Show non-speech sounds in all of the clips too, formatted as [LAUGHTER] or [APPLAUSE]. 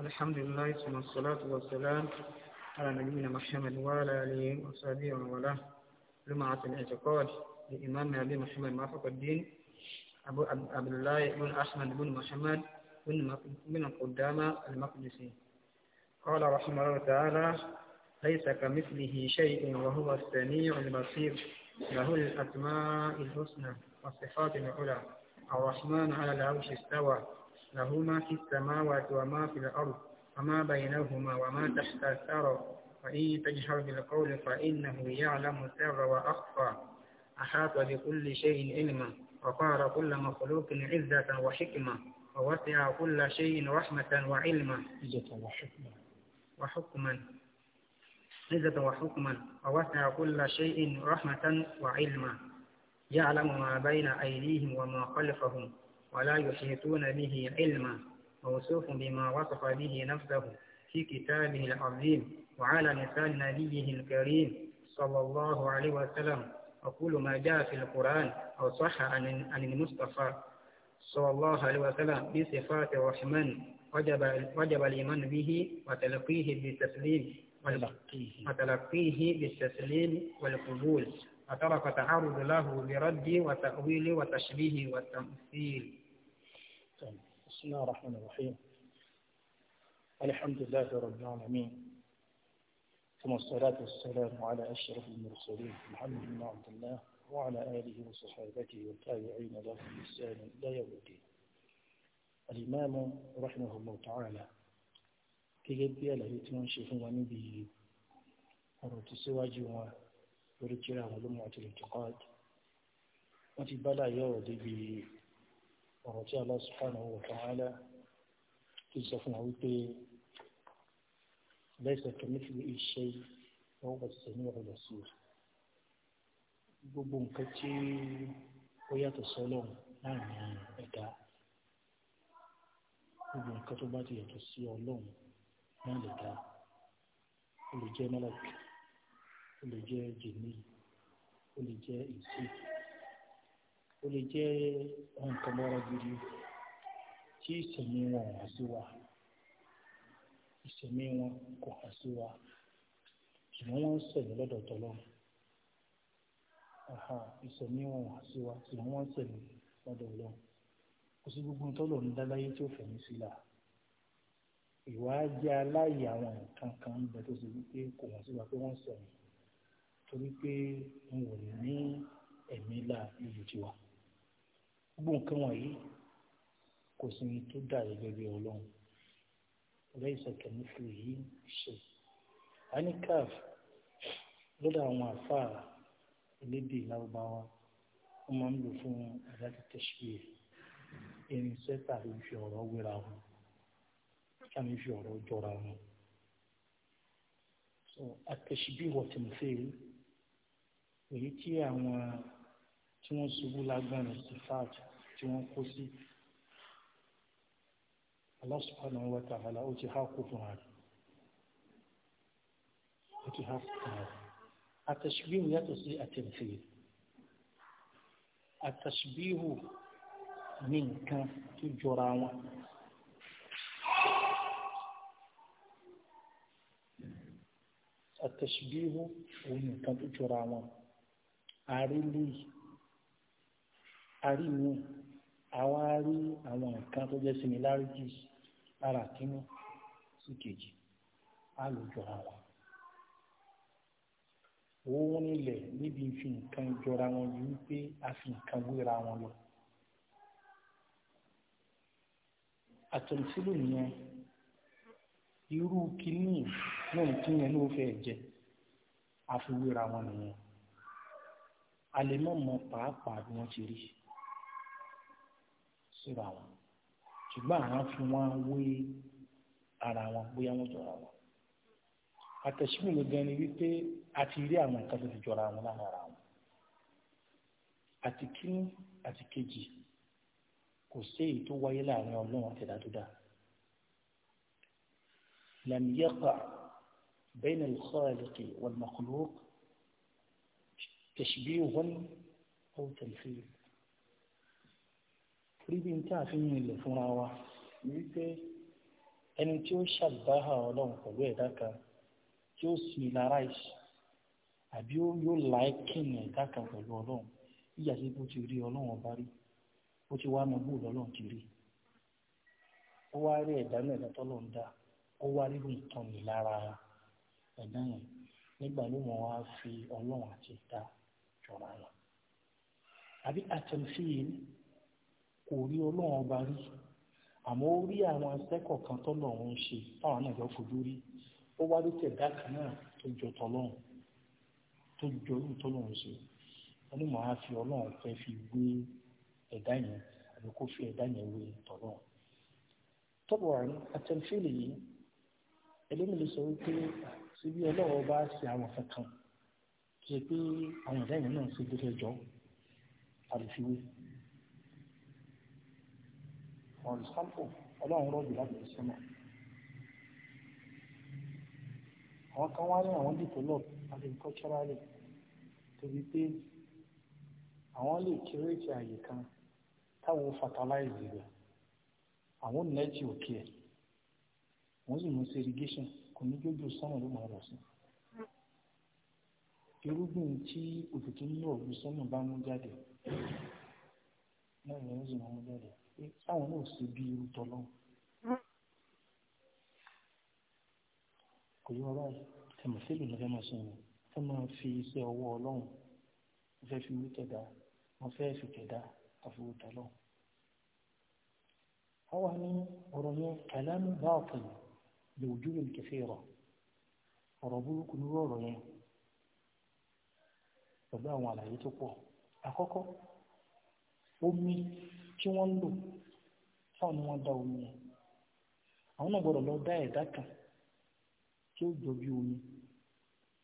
الحمد لله ثم الصلاة والسلام على نبينا محمد وعلى آله وصحبه ومن والاه الاعتقاد لإمام أبي محمد موافق الدين أبو عبد الله بن أحمد بن محمد بن قدامة المقدسي قال رحمه الله تعالى ليس كمثله شيء وهو السميع البصير له الأسماء الحسنى والصفات العلى الرحمن على العرش استوى له ما في السماوات وما في الأرض وما بينهما وما تحت الثرى وإن تجهر بالقول فإنه يعلم السر وأخفى أحاط بكل شيء علما وقار كل مخلوق عزة وحكمة ووسع كل شيء رحمة وعلما عزة وحكمة وحكما عزة وحكما ووسع كل شيء رحمة وعلما يعلم ما بين أيديهم وما خلفهم ولا يحيطون به علما موصوف بما وصف به نفسه في كتابه العظيم وعلى لسان نبيه الكريم صلى الله عليه وسلم وكل ما جاء في القرآن أو صح عن عن المصطفى صلى الله عليه وسلم بصفات الرحمن وجب وجب الإيمان به وتلقيه بالتسليم وتلقيه بالتسليم والقبول وترك تعرض له برد وتأويل وتشبيه والتمثيل بسم الله الرحمن الرحيم الحمد لله رب العالمين ثم الصلاة والسلام على أشرف المرسلين محمد بن عبد الله وعلى آله وصحابته والتابعين له بإحسان إلى يوم الدين الإمام رحمه الله تعالى gẹ́gẹ́ bí àlàyé tí في ọ̀rọ̀ tó síwájú wọn lórí له ti won se fun wa nibi لمعة to siwaju won lori ọ̀rọ̀ tí Allah subhanahu wa ta'ala ti sọ fún wa wípé laysa kamithlihi shay'un wa huwa as-sami'ul basir gbogbo nǹkan tí ó yàtọ̀ sọ́lọ̀ láàrin ẹ̀dá gbogbo nǹkan tó bá ti yàtọ̀ sí ọlọ́run náà lè dá ó lè jẹ́ jìnnì ó ìsìn ó lè jẹ́ nǹkan lọ́rọ̀ gidi tí ìsẹ̀mí wọn ò hàn sí wa ìsẹ̀mí wọn kò hàn sí wa ṣùgbọ́n wọ́n ń sẹ̀mí lọ́dọ̀ tọ́lọ́ ìsẹ̀mí wọn ò hàn sí wa ṣùgbọ́n wọ́n ń sẹ̀mí lọ́dọ̀ Ọlọ́run kò sí gbogbo tọ́lọ̀ ń dáláyé tí ó fẹ̀mí sí la ìwà jẹ́ àwọn nǹkan kan bẹ tó ṣe wípé kò hàn sí wa pé wọ́n sẹ̀mí torí pé n ò ní ẹ̀mí là lójú tiwa gbogbo nǹkan wọ̀nyí kò sí ní tó dà gẹ́gẹ́ bí ọlọ́run ọlọ́yìísọ kẹ̀mí fún yìí ṣe anikaf lọ́dọ̀ àwọn àfáà elédè lárúbáwá wọ́n máa ń lò fún àdájọ́ tẹ̀síwìrì irinṣẹ́ tàbí fi ọ̀rọ̀ wéra wọn tàbí fi ọ̀rọ̀ jọra wọn. so àtẹ̀síbí wọ̀tìmùfẹ́ èyí tí àwọn tí wọ́n ṣubú lágbára sifat tí wọ́n kó sí Allah subhanahu wa ta'ala ó ti há kó fún wa ó ti há kó fún wa àtàṣbíhù yàtọ̀ sí àtẹ̀mfẹ̀ àtàṣbíhù ní nǹkan tó jọra wọn. àtàṣbíhù òun nǹkan tó jọra wọn àrílùú yìí àrí mi àwa rí àwọn nǹkan tó jẹ́ similarities lára kínní sí kejì á lò jọra wọn òun nílẹ̀ níbi ìfi nǹkan jọra wọn yìí wípé a fi nǹkan wéra wọn lọ. àtọ̀nsílò nìyẹn irú kínní náà tí yẹn ló fẹ́ jẹ àfiwéra wọn nìyẹn a lè má pàápàá bí wọ́n ti rí i síra wọn ṣùgbọ́n àwọn fi wọn wé ara wọn bóyá wọn jọra wọn àtẹ̀síwò ló gan ni wípé a ti rí àwọn nǹkan tó fi jọra wọn lára ara wọn àti kíní àti kejì kò sí èyí tó wáyé láàrin ọlọ́run àti ìdádúdá lam yaqa bayna al-khaliqi wal-makhluq tashbihun aw tamthil rí bí tí a fi ń ilẹ̀ fúnra wa wípé ẹni tí ó ṣàgbáhà ọlọ́run pẹ̀lú ẹ̀dá kan tí ó sì lára ìṣe àbí yóò láìkìn ẹ̀dá kan pẹ̀lú ọlọ́run yíyà sí bó ti rí ọlọ́run ọba rí bó ti wá mọ bó lọ́lọ́run ti rí ó wá rí ẹ̀dá náà ẹ̀dá tọ́lọ́ ń dá ó wá rí nǹkan mi lára ẹ̀dá fi ọlọ́run àti ìta jọra kò rí ọlọ́run ọba rí àmọ́ ó rí àwọn akẹ́kọ̀ọ́ kan tọ́lọ̀ ń ṣe táwọn náà yọ fojú rí ó wá ló tẹ̀ dá kan náà tó jọ tọ́lọ́run tó jọ irú tọ́lọ́run ṣe wọ́n ní màá fi ọlọ́run fẹ́ fi wé ẹ̀dá yẹn àbí kó fi ẹ̀dá yẹn wé tọ́lọ́run. tọ́pọ̀ àrùn àtẹnfẹ́lẹ̀ yìí ẹlẹ́mi lè sọ wípé síbi ọlọ́run ọba ṣe àwọn kankan kí ẹ pé àwọn ẹ̀dá yẹn náà ṣe gbé mọ̀lùsálfò ọlọ́run rọ̀jù láti fi súnmọ́ àwọn kan wá ní àwọn develop agriculturally torí pé àwọn lè kírètì àyè kan táwọn fertilize rẹ̀ àwọn nẹ́ẹ̀tì òkè ẹ̀ wọ́n sì mú sí irrigation kò ní jójú sọ́nà ló máa rọ̀ sí irúgbìn tí òtútù ń lọ òbí sọ́nà bá mú jáde náà ni wọ́n sì máa mú jáde pé táwọn náà ṣe bí irú tọ́lọ́ kò yí wọn báyìí ẹ̀mọ̀ sílù ní fẹ́ máa ṣe wọn fẹ́ máa fi iṣẹ́ ọwọ́ ọlọ́run wọ́n fẹ́ fi wí tẹ̀dá wọ́n fẹ́ fi tẹ̀dá àfiwò tọ́lọ́ àwa ní ọ̀rọ̀ yẹn kàlámù báàkì lòójú rẹ̀ kẹfẹ́ rọ̀ ọ̀rọ̀ burúkú ní ọ̀rọ̀ yẹn pẹ̀lú àwọn àlàyé tó pọ̀ àkọ́kọ́ omi tí wọ́n ń lò fáwọn ni da omi yẹn àwọn náà lọ da ẹ̀dá kan tí omi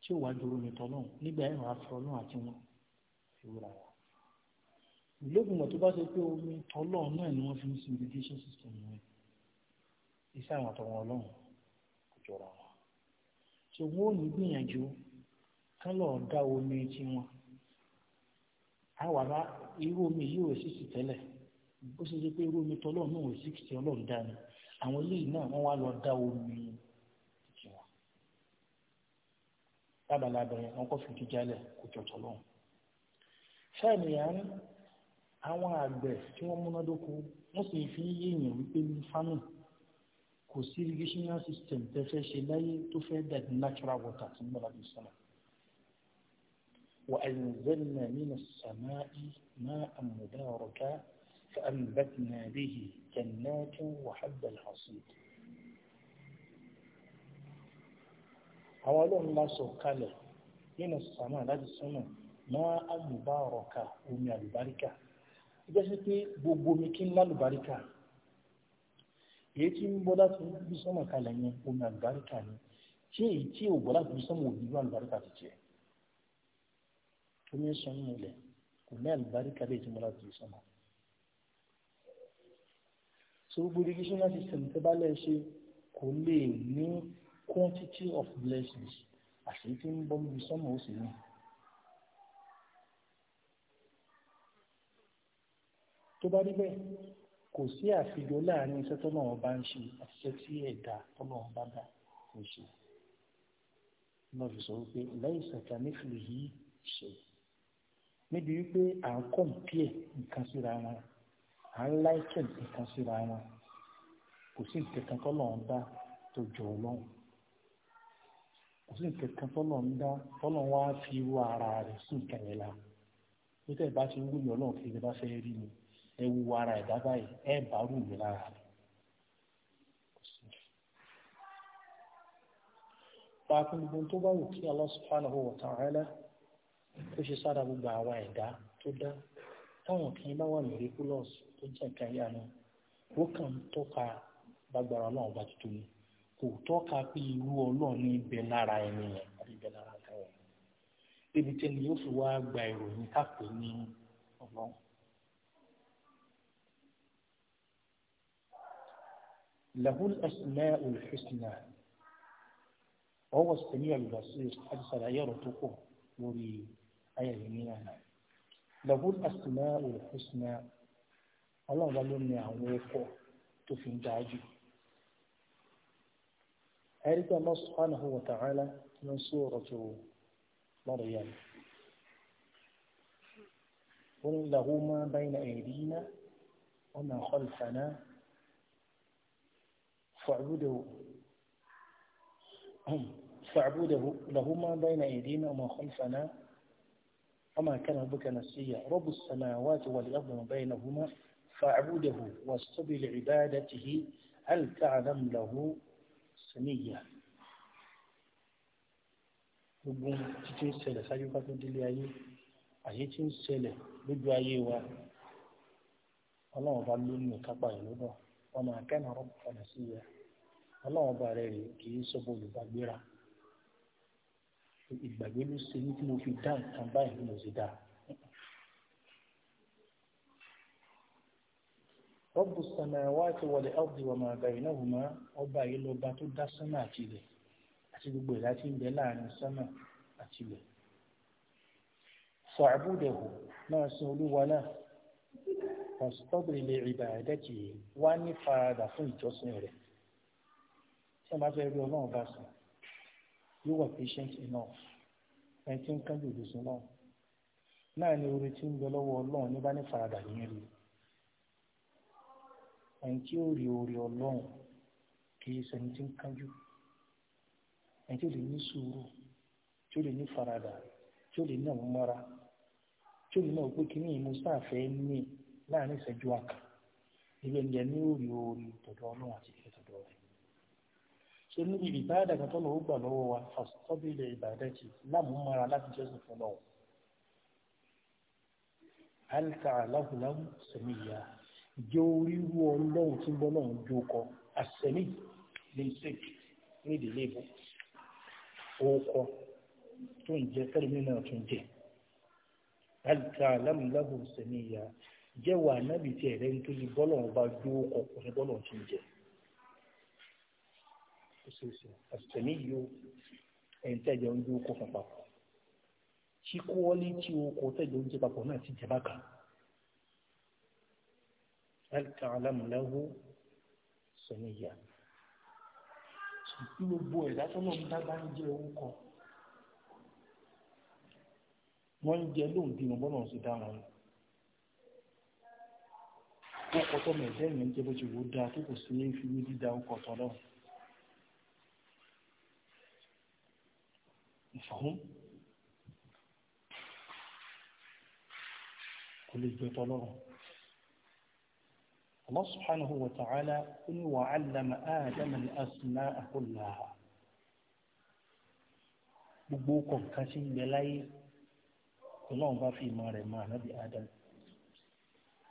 tí ó wà jòrò mi tọ́lọ́hún nígbà ẹ̀rọ afọlọ́hún àti wọn fi wúra wa. ìlókùnmọ̀ tó bá ṣe pé omi tọ́lọ́hún náà ni wọ́n fi ń sin irrigation system yẹn iṣẹ́ àwọn àtọ̀wọ̀n ọlọ́run kò jọra wọn. wọ́n ò ní gbìyànjú kán omi àwa omi yìí ò sì sì bó ṣe ṣe pé irú omi tọ́lọ́ náà ò sí kìtì ọlọ́run dá ni àwọn eléyìí náà wọ́n wá lọ dá omi títí wọn. lábalábẹ̀rẹ̀ wọn kọ́ fìdí jálẹ̀ kò jọ tọ́lọ́run. fẹ́ẹ̀mì yẹn àwọn àgbẹ̀ tí wọ́n múnádóko wọ́n sì fi ń yéèyàn wípé ní fánù kò sí irrigation system tẹ́ fẹ́ ṣe láyé tó fẹ́ dàbí natural water tí ń gbọ́dọ̀ bí sọ́nà. وأنزلنا من السماء ماء مباركا فأنبتنا به جنات وحب الحصيد àwọn ọlọ́run la sọ kalẹ̀ nínú sàmà láti sánà máa alùbárọ̀ka omi àlùbáríkà ẹgbẹ́ sí pé gbogbo omi kí ń lálùbáríkà èyí tí ń bọ́ láti bí sánà kalẹ̀ yẹn omi àlùbáríkà ni tí èyí tí ò bọ́ láti bí sánà òbí ní àlùbáríkà ti jẹ́ omi sọ nínú ilẹ̀ kò ní àlùbáríkà lè ti mọ́ láti bí sánà so gbogbo educational system tó bá lẹ́ẹ̀ ṣe kò lè ní quantity of blessings àṣẹ tí ń bọ́ níbi sọ́mọ̀ ó sì ní. tó bá rí bẹ́ẹ̀ kò sí àfijọ́ láàrin iṣẹ́ tó náà bá ń ṣe àti iṣẹ́ tí ẹ̀dá tó náà bá dá ń ṣe. lọ́ọ́ fi sọ wípé lẹ́yìn ṣẹ̀ka nífìlì yìí ṣe níbi wípé à ń kọ̀m̀pìẹ̀ nǹkan síra wọn à ń láìkẹ́ nǹkan síra wọn kò sí nǹkan tó lọ́n dá tó jọ ọlọ́run kò sí nǹkan tó lọ́n dá tó wá fi irú ara rẹ̀ sí nǹkan yẹn la bí tẹ́ ẹ bá ti ń wúyọ ọlọ́run kí ẹ bá fẹ́ rí mi ẹ wu ara ẹ̀dá báyìí ẹ bá rù mí lára rẹ̀. pàápàá gbogbo tó bá wù kí Allah subhanahu wa ta'ala ó ṣe sára gbogbo àwa ẹ̀dá tó dá táwọn kan bá wà ní ridiculous ó jẹ́ nǹkan yára ó kàn ń tọ́ka gbàgbára ọlọ́run ọba tuntun ni kò tọ́ka pé irú ọlọ́run ní ibẹ̀ lára ẹni yẹn àbí ibẹ̀ lára nǹkan yẹn débi tẹ́ni yóò fi wá gba ìròyìn kápẹ́ ní ọlọ́run. له الأسماء الحسنى وهو السميع البصير حدث العيار تقوم lórí ayẹyẹ ní àná. له الأسماء الحسنى ọlọ́run bá ló ní àwọn ọkọ̀ tó fi ń dá jù ẹ̀rí pé Allah subhanahu wa ta'ala ló ń sọ ọ̀rọ̀ tó lọ́rọ̀ yẹn قل له ما بين أيدينا وما خلفنا فاعبده فاعبده له ما بين أيدينا وما خلفنا وما كان ربك نسيا رب السماوات والأرض وما بينهما فاعبده واصطب لعبادته هل تعلم له سميا gbogbo títí ń ṣẹlẹ̀ sáájú ká tó délé ayé àyè tí ń ṣẹlẹ̀ lójú ayé wa ọlọ́run bá lónìí kápá rẹ̀ lọ́dọ̀ ọmọ akẹ́nà ọ̀rọ̀ padà sí ya ọlọ́run bá rẹ̀ rè kì í sọ́bọ̀ olùgbàgbéra ìgbàgbé ló ṣe ní tí mo fi dá nǹkan báyìí ló ṣe dáa. رب السماوات والأرض وما بينهما ọba yìí lọ́ba ma dá sánmà àti ilẹ̀ àti gbogbo ìlà tí ń bẹ láàrin sánmà àti ilẹ̀. fa'buduhu máa sin olúwa náà fastabir li ibadatihi wá you were patient enough ẹni tí ó rí orí ọlọ́run kì í ṣẹni tí ń kánjú ẹni tí ó lè ní sùúrù tí ó lè ní faradà tí ó lè ní àwọn mọ́ra tí ó lè náà pé kíní ìmú sáfẹ́ ní láàrin ìṣẹ́jú àkà ilé ẹni ẹni ó rí orí tọ̀dọ̀ ọlọ́run àti ìfẹ́ tọ̀dọ̀ rẹ̀ ṣé níbi ìbáàdà kan tọ́lọ̀ ó gbà lọ́wọ́ wa fàṣọ́bílẹ̀ ìbàdàjì láàmúmára láti jọ́sìn fún lọ́wọ́. هل تعلم له jẹ́ oríru ọlọ́run tí ń bọ́ náà jókọ àsẹ̀mí lè ṣe ní ìdílé ìbò orúkọ tó ń jẹ tẹ́lẹ̀mí náà tó ń jẹ alìkà alámùláhù sẹ̀mí ìyá jẹ́wọ́ ànábì tí ẹ̀rẹ́ ń tó ní bọ́lọ̀run bá jókọ kò ní bọ́lọ̀run tó ń jẹ àsẹ̀mí yóò ẹ̀yìn tẹ́jọ ń jókọ fún papọ̀ tí kọ́ọ́lì tí o tẹ́jọ ń jẹ papọ̀ náà ti jẹ bákan hal ta'lamu lahu samiyya ṣùgbọ́n gbogbo ẹ̀dá tọ́lọ́ ń dábàá ń jẹ́ orúkọ wọ́n ń jẹ lóun bí wọn bọ́lá ń ṣe dá wọn ọkọ̀ tọ́mọ ẹ̀dá ìyẹn ń jẹ́ bó ti wò ó dáa tó kò sí fi wí dídá ọkọ̀ tọ́lọ́ ìfọ̀hún kò lè gbẹ tọ́lọ́rùn. الله سبحانه وتعالى قل وعلم آدم الأسماء كلها بقوكم كسين بلاي كلهم ما في مارة ما نبي آدم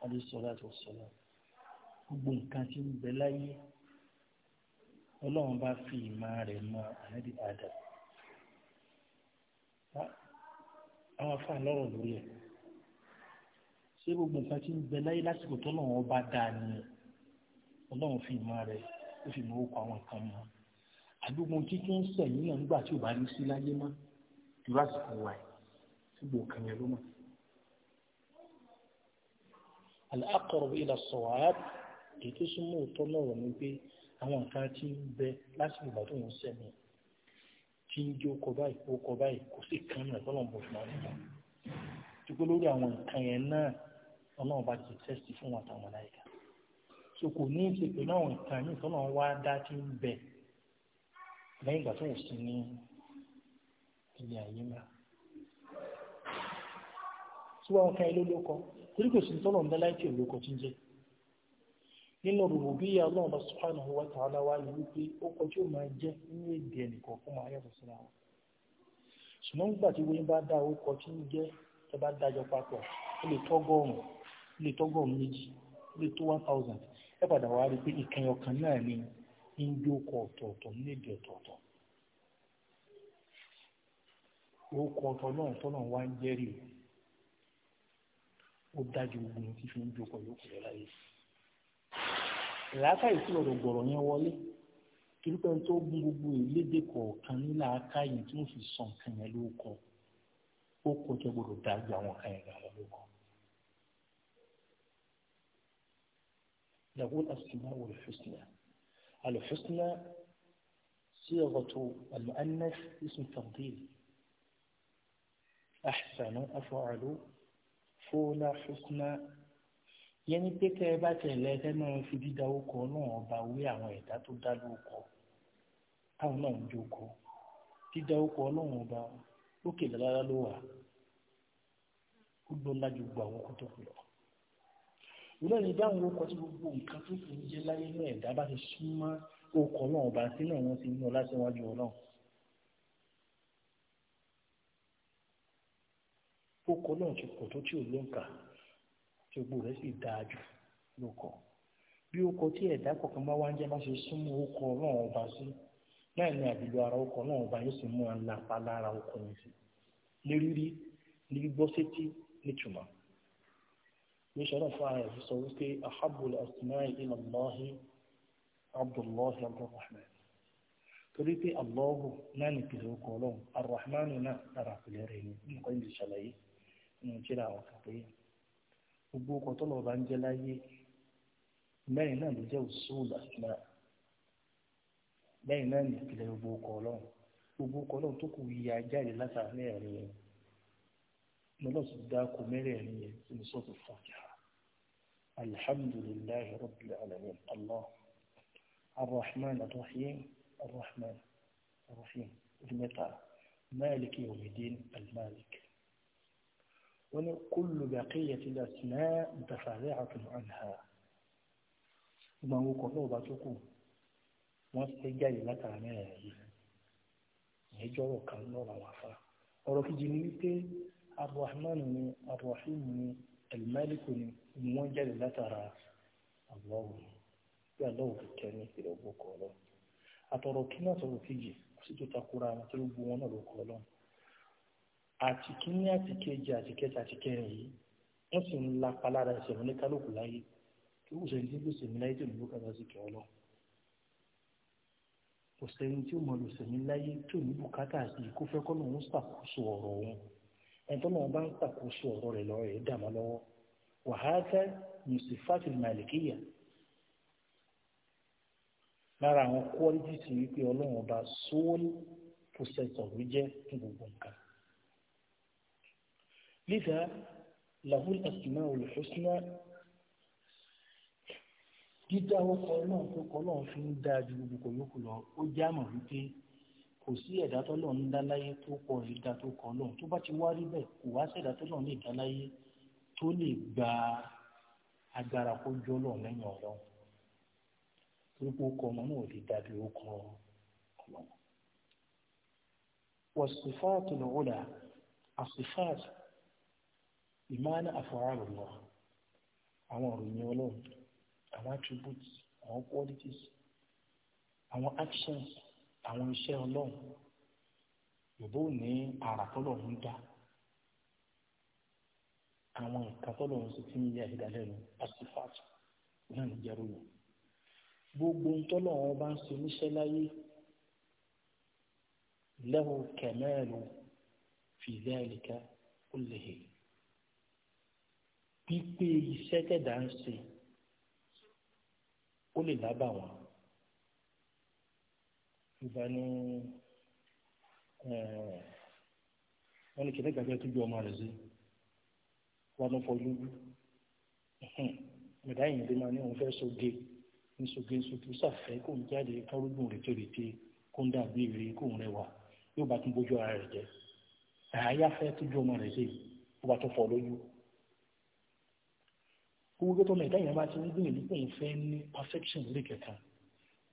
عليه الصلاة والسلام بقوكم كسين بلاي كلهم ما في مارة ما نبي آدم ها أنا فاهم لورو دوريه ṣé gbogbo nǹkan tí ń bẹ láyé lásìkò tó lọ́wọ́ ọba dáa ni ọlọ́run fi ìmọ̀ rẹ̀ ó fi mọ̀ ókọ àwọn nǹkan mọ́ àdúgbò kíkún sẹ̀yìn náà nígbà tí ò bá ní sí láyé mọ́ ju lásìkò wa yìí gbogbo nǹkan yẹn ló mọ̀. al-aqrab ila as-sawab èyí tó súnmọ́ òótọ́ lọ́rọ̀ ni pé àwọn nǹkan tí ń bẹ lásìkò ìgbà tó ń sẹ́mi tí ń jẹ́ okọ̀ báyìí okọ̀ báyìí kò sí kan náà tọ́lọ̀ bọ̀ fún àwọn ènìyàn. dúpẹ́ lórí àwọn nǹkan yẹn náà ọlọ́run bá ti tẹ́sítì fún wọn àtàwọn màláíkà so kò ní í ṣe pẹ̀lú àwọn nǹkan ní ìtọ́nà wá dá tí ń bẹ lẹ́yìn ìgbà tó wò sí ní ilé ayé mìíràn tí wọ́n ká ilé lóko torí kò sí tọ́lọ̀ ńlá láìpẹ́ olóko tí ń jẹ́ nínú rububiyya Allah subhanahu wa ta'ala wá ní wípé ó kọjú ó máa jẹ́ ní èdè ẹnìkan fún máa yàtọ̀ síra wọn ṣùgbọ́n nígbà tí wọ́n bá dá orúkọ tí ń jẹ́ ẹ bá dájọ papọ̀ ó lè tọ́gọ́rùn-ún lè tọ́gọ̀ méjì lè tó one thousand ẹ padà wá rí i pé ìkànnì ọ̀kan náà ni ń gbé ọkọ̀ ọ̀tọ̀ọ̀tọ̀ níbi ọ̀tọ̀ọ̀tọ̀ orúkọ ọ̀tọ̀ náà tọ́nà wá ń jẹ́rìí ó dájú gbogbo ní fífi ń gbé ọkọ̀ yòókù rẹ̀ láyé làákàyè sí ọ̀rọ̀ gbọ̀rọ̀ yẹn wọlé torípẹ́ tó gún gbogbo ìlédè kọ̀ọ̀kan ní làákàyè tí wọ́n fi sọ nǹkan yẹn lórúkọ ó kọjá gbọdọ̀ dájú àwọn kan yẹn lórúkọ نقول الأسماء والحسنى الحسنى صيغة المؤنث اسم تفضيل أحسن أفعل فولا حسنى yẹni pé tẹ ẹ bá tẹlẹ ẹ fẹ máa fi dídá okọ náà ọba wé àwọn ẹ̀dá tó dá lóko táwọn náà ń jókòó dídá okọ Ọlọ́run ọba lókè lára ló wà ó lọ lájú gbogbo àwọn okó kù lọ ìlànà ìdáhùn orúkọ tí gbogbo nǹkan tó kù ń jẹ́ láyé náà ẹ̀dá bá ti súnmọ́ orúkọ náà ọba tí náà wọ́n ti ní ọlá síwájú ọlọ́run. orúkọ náà ti pọ̀ tó tí ò lóǹkà tí gbogbo rẹ̀ sì dáa jù lóko bí orúkọ tí ẹ̀dá kọ̀ọ̀kan bá wá ń jẹ́ bá ṣe súnmọ́ orúkọ náà ọba sí náà ni àbílò ara orúkọ náà ọba yóò sì mú àlàpà lára orúkọ yẹn sí ní rírí ní gbígbọ́ sétí nítumọ̀ ní sọ́dọ̀ fún ara rẹ̀ sọ wípé ahabul asma'i ila Allahi abdullahi abdulrahman torí pé allahu náà ní pèsè ọkọ̀ ọlọ́run arrahmanu náà lára àpilẹ̀ rẹ̀ ní nǹkan ìlú ṣàlàyé nínú kíra àwọn kàpé gbogbo ọkọ̀ tó lọ́ọ́ bá ń jẹ́ láyé mẹ́rin náà ló jẹ́ usul asma mẹ́rin náà ní ìpìlẹ̀ gbogbo ọkọ̀ gbogbo ọkọ̀ tó kù yíya jáde látàrí ẹ̀rín نمزد كمريني من صوت الفاتحة الحمد لله رب العالمين الله الرحمن الرحيم الرحمن الرحيم المتع مالك يوم الدين المالك وكل بقية الأسماء متفرعة عنها وما هو قلوبتك ما سيجاي لك عنها هي جوكا نورا وفا ولكن جنيتي arrahman ni arrahim ni alimaliku ni wọn jáde látara àbúrò bí aláwọ kẹkẹ ní ìpìlẹ̀ ọgbọ kọ lọ àtọrọ kí náà sọ̀rọ̀ kejì kò sí tó takora àwọn tó gbó wọn náà ló kọ lọ àti kíní àti kejì àti kẹta àti kẹrin yìí wọn sì ń lapa lára ìṣẹ̀lẹ̀ ní kálukú láyé kí ó sẹni tí ó sẹni láyé tó nílò kàdá sí kẹ lọ kò sẹni tí ó mọ lò sẹni láyé tó nílò kàdá sí kó fẹ́ kọ́ lòun ṣàkóso ọ̀rọ̀ òun ẹ̀tọ́ náà bá ń ṣàkóso ọ̀rọ̀ rẹ̀ lọ́rọ̀ rẹ̀ dàmọ́ lọ́wọ́ wàhálà yusufat malikiya lára àwọn qualities wípé ọlọ́run ọba sole possessor ló jẹ́ fún gbogbo nǹkan. lidha lahul asma ul husna dídá ọkọ̀ náà tó kọ́ náà fi ń dáa ju gbogbo yòókù lọ ó já mọ̀ wípé kò sí ẹ̀dá tọ́lọ̀ ń dá láyé tó kọ ìdá tó kọ lọ́hùn tó bá ti wá rí bẹ́ẹ̀ kò wá sẹ̀dá tọ́lọ̀ ń lè dá láyé tó lè gba agbára kó jọ́ lọ́hùn lẹ́yìn ọlọ́hùn torí pé ó kọ ọmọ náà lè dàbí ó kọ ọlọ́hùn. والصفات العلى الصفات بمعنى أفعال الله àwọn ìròyìn ọlọ́run àwọn attributes àwọn qualities àwọn actions àwọn iṣẹ́ ọlọ́run yòbó ní ara tọ́lọ́run dá àwọn nǹkan tọ́lọ́run sì ti ń yẹ ìdálẹ́nu asifatu náà ní jẹ́rúyù gbogbo ntọ́lọ́run bá ń ṣe níṣẹ́ láyé lahu kamalu fi dhalika kullihi pípé iṣẹ́ tẹ̀dá ń ṣe ó lè lábàwọ́n ìgbà ní wọ́n ní kìnìkan fẹ́ tún ju ọmọ rẹ̀ sí wọ́n tún fọ́ lójú mẹ̀dá yìí ló máa ní òun fẹ́ soge ní soge sojú sàfẹ́ kó ń jáde kárúgbùn rẹ̀ tó lè ti kó ń dàbí rẹ̀ kó ń rẹwà yóò bá tún bójú ara rẹ̀ jẹ́ àyà fẹ́ tún ju ọmọ rẹ̀ sí ó bá tún fọ́ lójú owó tó tọ́ mẹ̀dá yìí máa ti ń gbìyànjú pé òun fẹ́ ní perfection lórí kẹ̀kẹ́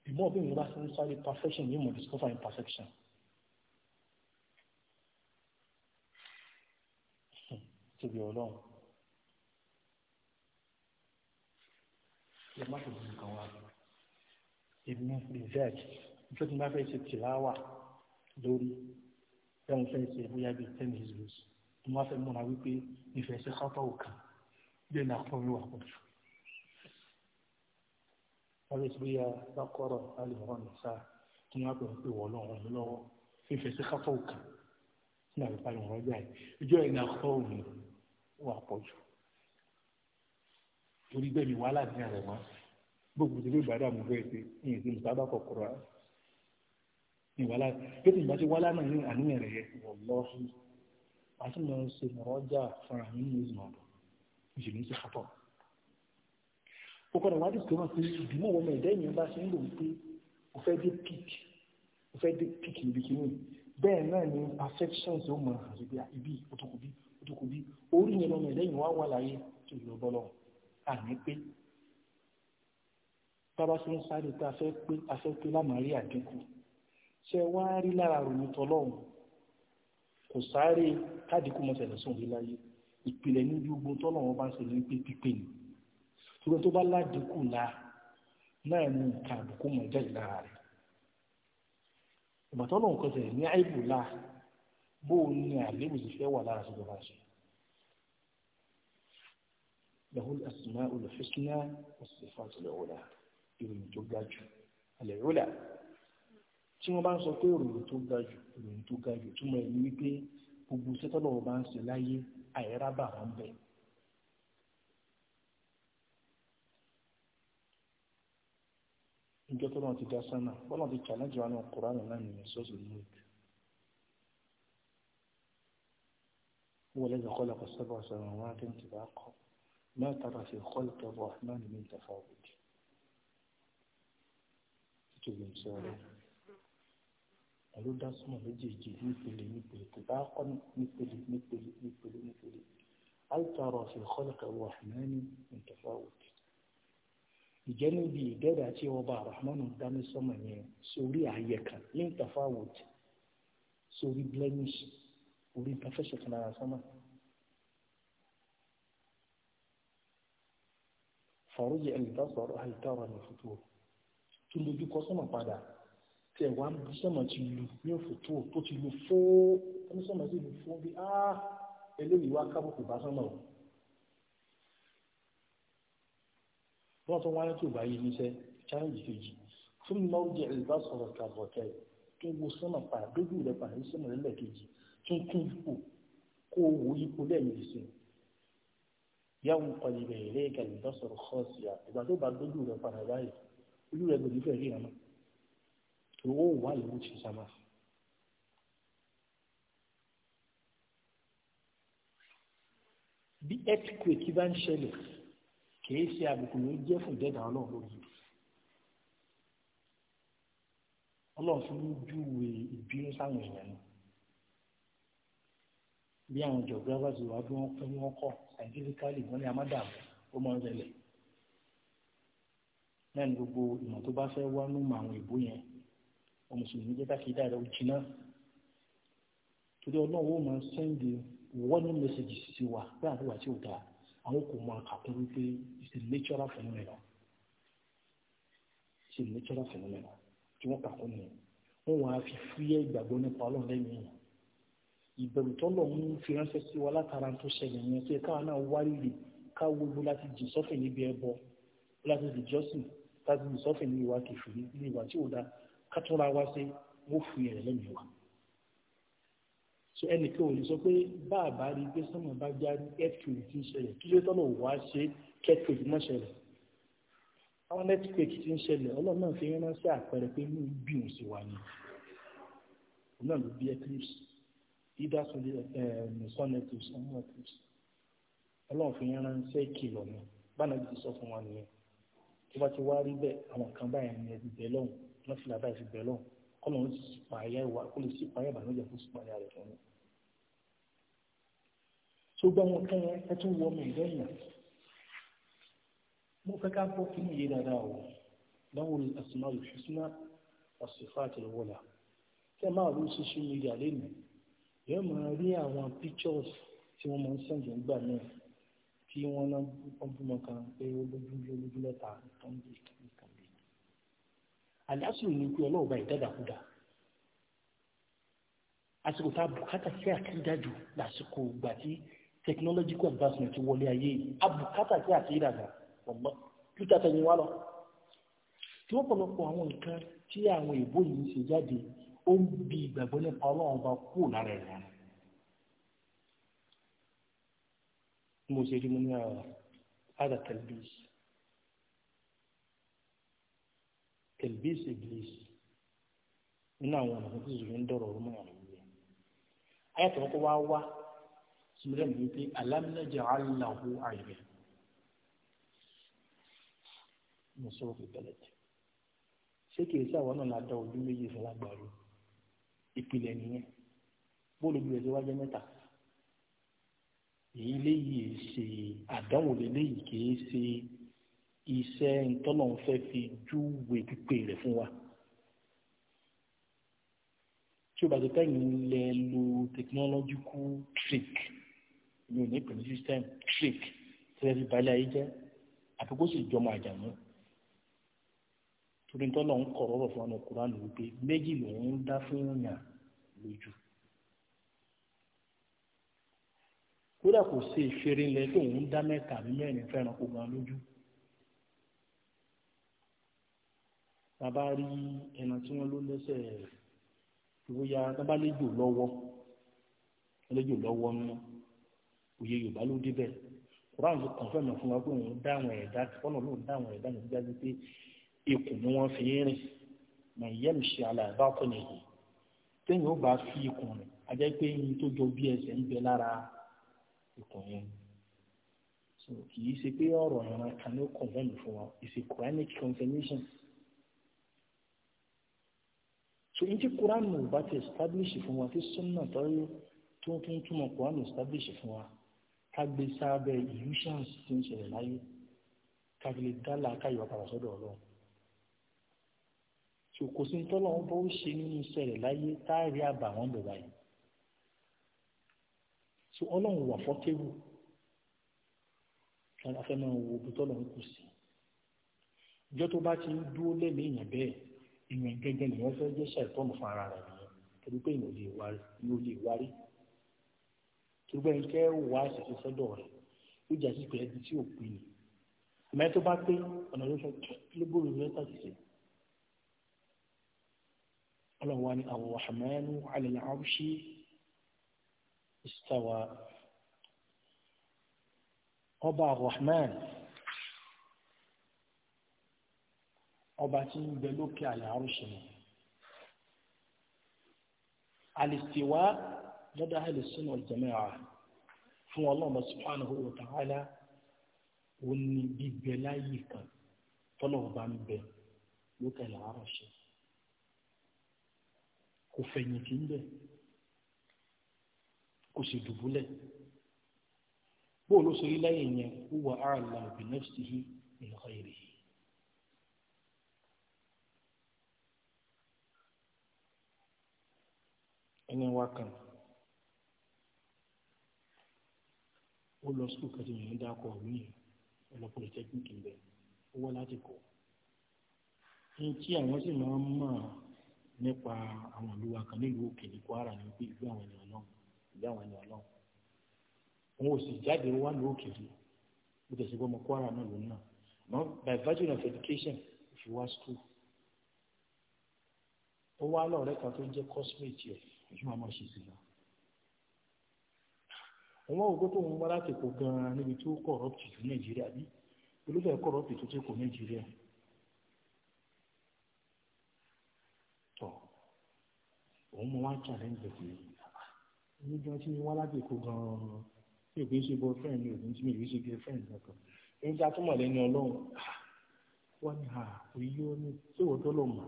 the more being bá ṣe ń sáré perfection yìí mọ̀ discover imperfection. [LAUGHS] tóbi ọlọ́run ẹ má tóbi nǹkan wá èmi bizet nígbà tí mo bá fẹ́ ṣe tìláwà lórí bẹ́ẹ̀ mo fẹ́ ṣe bóyá bíi ten minutes mo wá fẹ́ múra wípé ìfẹ́ ṣe kápá òkan bẹ́ẹ̀ ni àpọ̀ mi wà pọ̀ jù wọ́n lè gbé ya lákọ̀ọ́rọ̀ alìmọ̀ràn nìsa kí wọ́n bẹ̀rẹ̀ pé wọ́n lọ́wọ́ mi lọ́wọ́ fífẹ́ sí káfọ́ òkà ní àgbà ìwọ̀n ọjà yìí ìjọ ìnà kọ́ òun wà pọ̀ jù torí bẹ́ẹ̀ ni wàhálà ní àrẹ̀ wọn gbogbo ìdílé ìbàdàn mo fẹ́ ṣe ní ìdí mùsàbà kọ̀kọ̀rọ̀ ní wàhálà bí ti ìbáṣe wàhálà náà ní àníyàn rẹ̀ wọ̀lọ́ọ̀hún àti mọ̀ ṣe mọ̀ ọjà fúnra mi ní ìmọ̀ ọ̀dọ̀ ìṣèlú ti kápọ̀ kókó náà wájú tó máa fi ìdùnnú wọn ẹ̀dá ènìyàn bá ṣe ń lò wípé o fẹ́ dé peak o fẹ́ dé peak níbi kí ni bẹ́ẹ̀ náà ni perfections ó mọ àti bí ibi òtòkù bí òtòkù bí orí yẹn lọ́mọ ẹ̀dá ènìyàn wá wà láyé tó lọ bọ́lọ́ àní pé bábá ṣe ń sáré pé afẹ́ pé afẹ́ pé lámàárí àdínkù ṣe wá rí lára ròyìn tọlọ́run kò sáré kádìkù mọ́tẹ̀lẹ́sùn rí láyé ìpìlẹ̀ níbi ogun tọ́lọ́run bá ń ṣe ní pé pípé ni ṣùgbọ́n tó bá ládìkù la náà ní nǹkan àbùkù mọ̀ jáde lára rẹ̀ ìbátan náà kọsẹ̀ ní àìbù la bó o ní àlébù sì fẹ́ wà lára sí ìjọba ṣe. lahul asma'ul husna was sifatul ula ìròyìn tó ga jù alẹ́ ìrọ̀lá tí wọ́n bá ń sọ pé ìròyìn tó ga jù ìròyìn tó ga jù túmọ̀ ẹ̀ ní wípé gbogbo sẹ́tọ́lọ́wọ́ bá ń ṣe láyé àìrábà níjọ́ tó lọ́n ti dá sánà bọ́lá ti challenge wa náà Kùránì náà nìyẹn sọ́ọ̀sì nùd wọlé ìgbà kọ́lá kọ́ sábà sọ̀rọ̀ wọn kí n ti bá kọ́ ما ترى في خلق الرحمن من تفاوت كتب سورة قالوا ده اسمه لجيجي نفلي نفلي تباقا نفلي نفلي نفلي نفلي هل ترى في خلق الرحمن من تفاوت ìjẹ́nu bí ìdẹ́dà tí ọba rahman dání sọ́mọ̀ yẹn sórí ààyè kan ní tafawut sórí blemish orí ìtafẹ́sẹ̀ kan lára sọ́mọ̀. fọ̀rọ̀jì ẹ̀lìtà sọ̀rọ̀ àìtà ní fòtò tó lójú kọ́ sọ́mọ̀ padà tí ẹ̀wà ń ti lu ní fòtò tó ti lu fóó ẹni sọ́mọ̀ sì lu fóó bí ah eléyìí wá kábùkù bá wọ́n tún wáyé tó bá yé níṣẹ́ challenge kejì fún mi máa jẹ ìbá sọ̀rọ̀ kàbọ̀tẹ́ tó wo sọ́nà pa dójú rẹ̀ pa ní sọ́nà lẹ́lẹ̀ kejì tún tún ipò kó o wo ipò lẹ́ẹ̀mejì sí i yàwù pàlìbẹ̀ ilé ìka ìbá sọ̀rọ̀ kọ́ọ̀sì à ìgbà tó bá dójú rẹ̀ padà báyìí ojú rẹ̀ gbòdì fẹ́ rí àmọ́ tó o wà ìlú ti sàmà. bí earthquake bá ń ṣẹlẹ̀ kìí ṣe àbùkù ló jẹ́ fún ìdẹ́dà ọlọ́run lórí ọlọ́run fún júwe ìbínú sáwọn èèyàn ni bí àwọn geographers wà bí wọ́n pín wọ́n kọ́ scientifically wọ́n ní amádàmú ó máa ń rẹlẹ̀ náà ní gbogbo ìmọ̀ tó bá fẹ́ wá nù mọ àwọn ìbò yẹn ọmọ mùsùlùmí jẹ́ káàkiri dáadáa ó jiná torí ọlọ́run ó máa ń sẹ́ndì warning messages sí wa pé àbúrò àti òdáa àwọn kò mọ àkàkùn wípé it's a natural phenomenon it's a natural phenomenon tí wọ́n kàkùn nìyẹn wọ́n wọ́n á fi fúyẹ́ ìgbàgbọ́ nípa ọlọ́run lẹ́yìn yẹn ìbẹ̀rù tọ́lọ̀ ń fi ránṣẹ́ sí wa látara tó ṣẹlẹ̀ yẹn pé káwa náà wárìrì káwo bó láti jìn sọ́fìn níbi ẹbọ bó láti jìn jọ́sìn láti jìn sọ́fìn ní ìwà kẹfì ní ìwà tí ò dáa ká tọ́ra wá sí wọ́n fúyẹ́ rẹ̀ lẹ́yìn wa so ẹnìkan ò lè sọ pé bàbá rí pé sọmọ bá já ní earthquake ti ń ṣẹlẹ̀ kí ló tọ́lọ̀ wá ṣe earthquake náà ṣẹlẹ̀ àwọn earthquake ti ń ṣẹlẹ̀ ọlọ́run náà fi rán sí àpẹẹrẹ pé inú bí òun sì wà ní òun náà ló bí eclipse either sunday sun eclipse eh, or moon eclipse ọlọ́run fi rán sí ìkìlọ̀ mi báńà ti sọ fún wa nìyẹn tó bá ti wá rí bẹ́ẹ̀ àwọn kan báyìí ni ẹ̀dùn bẹ́ẹ̀ lọ́hùn lọ́fìlà báyìí fi bẹ́ẹ̀ lọ́hùn kọ́lọ́run sì pààyà ìwà kó lè sì pààyà ìbànújẹ́ fún sì pààyà rẹ̀ fún mi ṣùgbọ́n wọn kẹ́ ẹ tún wọ ọmọ ìlú ẹ̀yàn mo fẹ́ ká bọ́ kí ní iye dáadáa o lọ́wọ́ al-asmaa al-husna was-sifaat al-ula kí ẹ máa rí social media lẹ́nu yóò máa rí àwọn pictures tí wọ́n máa ń sẹ̀ǹdì nígbà náà kí wọ́n náà wọ́n bímọ kan pé olójú olójú lẹ́ta nǹkan bí nǹkan bí. àlásìrò ni pé ọlọ́ọ̀bá ìdádàkúdà àsìkò tá a bùkátà sí àkídájú lásìkò ìgbà technological advancement wọlé ayé yìí abùkátà tí àti ìdàgbà ọ̀gbọ́n lútà tẹ̀yìn wá lọ. tí wọ́n pọ̀lọpọ̀ àwọn nǹkan tí àwọn èèbó yìí ṣe jáde ó ń bi ìgbàgbọ́ nípa ọlọ́run ọba kú lára ẹ̀rọ rẹ̀. mo ṣe rí mo ní àwọn ah, nínú àwọn ọ̀nà tó ti sùn dọ̀rọ̀ ọ̀rọ̀ mọ́ sùúrẹ́ mi wípé alámìnájà aláwo àyẹ̀rẹ̀ mo sọ òfin bẹ̀rẹ̀ tẹ̀. ṣé kìí sí àwọn náà la da ojú méjì fún lágbàáyé ìpìlẹ̀ nìyẹn bóòlù gbìyànjú tí wá jẹ́ mẹ́ta. èyí léyìí ṣe àdánwò lélẹ́yìí kìí ṣe iṣẹ́ ntọ́nà fi júwe pípé rẹ̀ fún wa tí o bá ti pẹ́ yìí lo technological trick mi ò ní pẹ̀lú system trick tí wọ́n fi balẹ̀ ayé jẹ́ àti kó sì jọmọ àjàmú torí tọ́lọ̀ ń kọ̀ rọ́rọ̀ fún ọ̀nà Kùránì wípé méjì lòun ń dá fún yàn lójú kódà kò sí ìṣeré ńlẹ tó ń dá mẹ́ta àbí mẹ́rin fẹ́ràn kó gan lójú bàbá rí ẹran tí wọ́n ló lẹ́sẹ̀ ìwòyà bàbá lọ́wọ́ lẹ́jọ́ lọ́wọ́ náà òye yorùbá ló dé bẹ́ẹ̀ quran ló kàn fẹ́mi fún wa pé òun dá àwọn ẹ̀dá fọlọ́ ló ń dá àwọn ẹ̀dá nígbà tí pé ikùn ni wọ́n fi ń rìn mà yẹ́mi ṣe aláìbá kọ́ nìyí téèyàn ó bá fi ikùn rìn ajẹ́ pé yín tó jọ bí ẹsẹ̀ ń bẹ lára ikùn yẹn so kì í ṣe pé ọ̀rọ̀ ìran kan ló kàn fẹ́mi fún wa it's a quranic confirmation so n ti quran ò bá ti establish fún wa tí sunna tó ń tún túmọ̀ quran establish fún wa ká gbé sábẹ́ illusions tí ń ṣẹlẹ̀ láyé ká fi lè dá làákàyè padà sọ́dọ̀ ọlọ́run tí kò sí tọ́lọ́ bó ṣe nínú ìṣẹ̀lẹ̀ láyé táàrí àbàwọ́n bẹ̀ báyìí tí ọlọ́run wà fọ́tébù afẹ́mọ́ wo bí tọ́lọ́run kù sí ìjọ tó bá ti ń dúró lẹ́mí èèyàn bẹ́ẹ̀ èèyàn gẹ́gẹ́ nìyẹn fẹ́ jẹ́ ṣàìtọ́nù fún ara rẹ̀ nìyẹn torí pé èèyàn lè wárí turugba yìí fẹ́ wá àṣìṣe sọ́dọ̀ rẹ̀ ó jà sí pé ẹbí tí ò pè ní ìmọ̀lẹ́ tó bá pé ọ̀nà ló fẹ́ kílógóòrò rẹ̀ ṣàṣìṣe. ọlọ́run wa ni Ar-Rahmanu 'ala al-'arshi ọba ar ọba tí ń bẹ lókè àlẹ́ àrùsì ni al-istiwa. لدى أهل السنة والجماعة هو الله سبحانه وتعالى وني ببلايك فلو بامبه لوك العرش كفيني كنده كسي دبوله بولو سيلا ينيا هو أعلى بنفسه من غيره أنا واكن ó lọ sukùl kan tí mo ń dákọ̀ mí ó lọ polytechnic bẹ̀ ó wá láti kọ̀ ní tí àwọn sì máa ń mọ̀ nípa àwọn ìlú wa kan nílùú òkè ní Kwara ní pé ìlú àwọn ènìyàn náà ìlú àwọn ènìyàn náà wọn ò sì jáde wá lóò kiri bó tẹ̀sí pé ọmọ Kwara náà lòun náà àmọ́ by virtue of education if you wá school ó wá lọ́ọ̀rẹ́ kan tó jẹ́ cosmate yẹ ojú màmá ṣe sí náà wọ́n wọ́n gbọ́dọ̀ ń wá láti kó gan-an níbi tí kọ̀rọ̀pì ní nàìjíríà bí olùfẹ́ kọ̀rọ̀pì tó ti kò nàìjíríà. tọ́ òun mọ wá challenge ẹ̀ pé nígbà tí wọ́n láti kó gan-an tí èkó ṣe boyfriend ní òun tí mi ò ṣe girlfriend nìkan ẹni tí a tún mọ̀ lẹ́ni ọlọ́run wọ́n ní à kò ó ní tí wọ́n tọ́lọ̀ mọ̀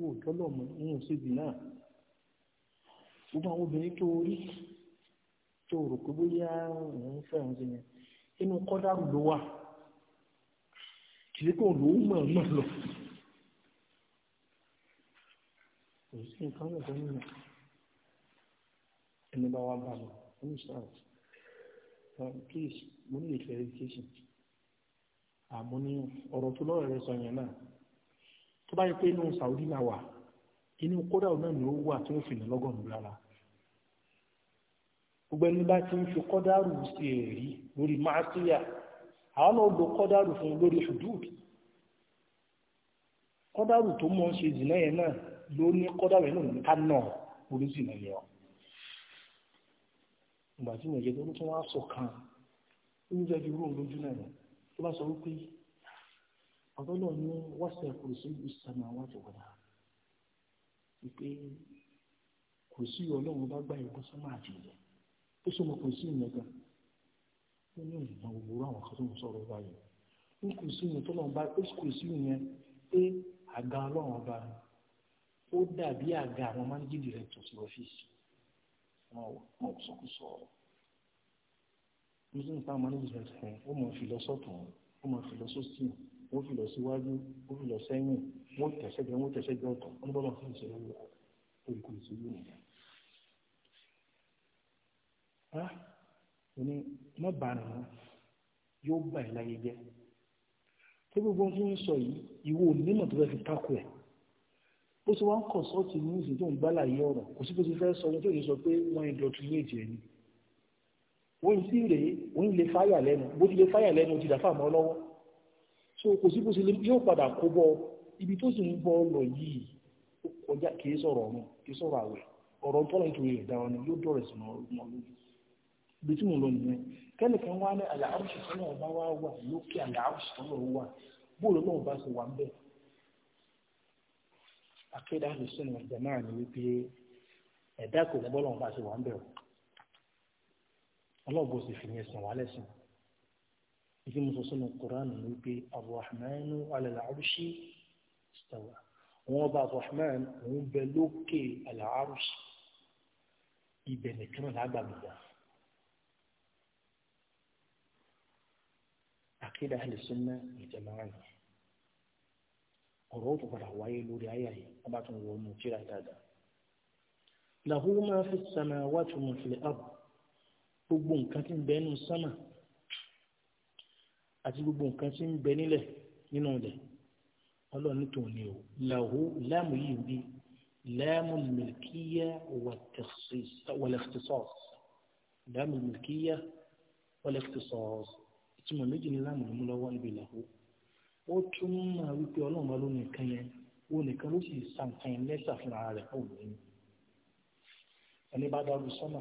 wọ́n tọ́lọ̀ mọ̀ ń ṣèjì náà gbogbo àwọn obìnrin tó rí tó rò pé bóyá òun fẹ́ràn sí yẹn inú kọ́dárù ló wà kìí kò ló mọ̀ mọ̀ lọ. kò sí nǹkan náà tó ń mọ̀ ẹni bá wá bá lọ ẹni sáàtì please mo ní ìfẹ́ education àmọ́ ní ọ̀rọ̀ tó lọ́rọ̀ rẹ sọ yẹn náà tó bá yẹ pé inú Saudi la wà inú kódà náà ni ó wà tí ó fi ún lára. gbogbo ẹni bá ti ń fi kọ́dárù sí èrí lórí máàsíyà àwọn náà lo kọ́dárù fún lórí hudud kọ́dárù tó ṣe zìnà yẹn náà ló ní kọ́dárù yẹn náà ká náà orí zìnà yẹn ọ ìgbà tí mo yẹ tó tún wá sọ kan ó ń jẹ́ lójú náà tó bá sọ wípé ọ̀dọ́ náà ní kò sí àwọn wípé kò sí ọlọ́run bá gbá ó sọ ma kò sí ìyẹn gan ó ní ìyẹn òwúrọ̀ àwọn kan tó ń sọ̀rọ̀ báyìí ó kò sí ìyẹn tó lọ́n bá ó kò sí ìyẹn pé àga ọlọ́run ọba ó dàbí àga àwọn managing director sí ọ́fíìsì wọn ò sọkúsọ ọ̀rọ̀ nítorí táwọn managing director yẹn ó mọ̀ fi lọ sọ́tún ó mọ̀ fi lọ sósì wọ́n fi lọ síwájú wọ́n fi lọ sẹ́yìn wọ́n tẹ̀sẹ̀ jẹ́ wọ́n tẹ̀sẹ̀ jẹ́ ọ̀tọ̀ wọ́n bọ́ lọ́ọ́ fún ìṣẹ̀lẹ̀ olùkọ́ ìṣèlú á o ní má bàrà wọn yóò bà ẹ́ láyé jẹ́ tó gbogbo ohun tí ń sọ yìí ìwọ onímọ̀ tó fẹ́ fi tako ẹ̀ bó ṣe wá ń kọ̀ sọ́ọ̀tì ní ìsìn tó ń bá láyé ọ̀rọ̀ kò sí bó ṣe fẹ́ sọ ohun tó yẹ sọ pé wọ́n ń dọ̀tún ní èjì ẹni wọ́n ń sí rèé wọ́n ń lè fáyà lẹ́nu bó ti lè fáyà lẹ́nu ti dàfà mọ́ lọ́wọ́ so kò sí bó ṣe yóò padà kó bọ́ ibi tó sì ń bọ́ lọ yìí kọjá kì í sọ̀rọ̀ ọ̀run kì í sọ̀rọ̀ àwẹ̀ ọ̀rọ̀ tọ́lá nítorí ẹ̀dá wọn ni yóò dọ̀rẹ̀ sí bí tí mo lọ nìyẹn kẹ́nìkan wá ní àlàáfíà tó náà bá wá wà lókè àlàáfíà tó náà wà bóòlù náà bá ti wà ń bẹ̀. akéde àlùsùn wal jamaa ni wípé ẹ̀dá kò ní bọ́lọ̀ bá ti wà ń bẹ̀ o ọlọ́ọ̀bù sì fi yẹn sàn wálẹ̀ sàn ìdí mo sọ sínú kuraani ni wípé arrahmanu ala al-arshi istawa wọn bá arrahman òun bẹ lókè àlàáfíà ibẹ̀ nìkan náà lágbàgbà. عقيدة أهل السنة والجماعة ọ̀rọ̀ tó padà wáyé lórí ayé yìí ọba tó ń wọ ọmọ jíra dáadáa. lahu ma fi sàmà wá tó mọ̀ fìlẹ̀ ààbò gbogbo nǹkan tí ń bẹ nínú sánmà àti gbogbo nǹkan tí ń bẹ nílẹ̀ nínú ilẹ̀ ọlọ́run tó ní o lahu láàmù yìí ń bí láàmù mìlkíyà wal-ikhtisas láàmù mìlkíyà wal-ikhtisas. ìtumọ̀ méjì ní láàmú mú lọ́wọ́ níbi ìlàwó ó tún máa wípé ọlọ́run bá ló nìkan yẹn ó nìkan ló sì san nǹkan yẹn lẹ́sà fúnra rẹ̀ ó lóyún ẹni bá dárú sọ́mà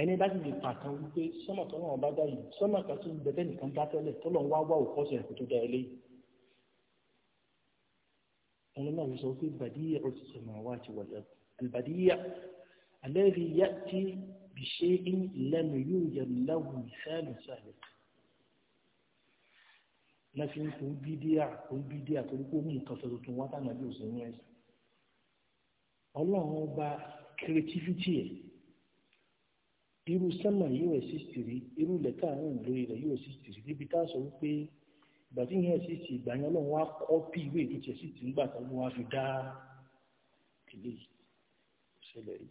ẹni bá sì lè pàtàn wípé sọ́mà tọ́lọ́run bá dá yìí sọ́mà kan tó ń bẹ̀tẹ̀ nìkan dá tẹ́lẹ̀ tọ́lọ́run wá wá òkọ́sẹ̀ ẹ̀kọ́ tó dá ẹ léyìí wọn náà sọ pé bàdíyà ó ti sọ̀rọ̀ wá ti wọ̀lẹ́ بشيء لم يوجد له مثال سابق لا في نكون بيديا كون بيديا كون كون مكسر تون واتا نبي وسنو اس Ọlọ́run ọba creativity ẹ irú sẹmọ yóò exist rí irú lẹ́tà àrùn lórí rẹ̀ yóò exist rí níbi tá a sọ wípé ìgbà tí yẹn exist ìgbà yẹn Ọlọ́run wa kọ́pì ìwé ètò tí exist nígbà tó wọn wá fi dá ìlú yìí ṣẹlẹ̀ yìí.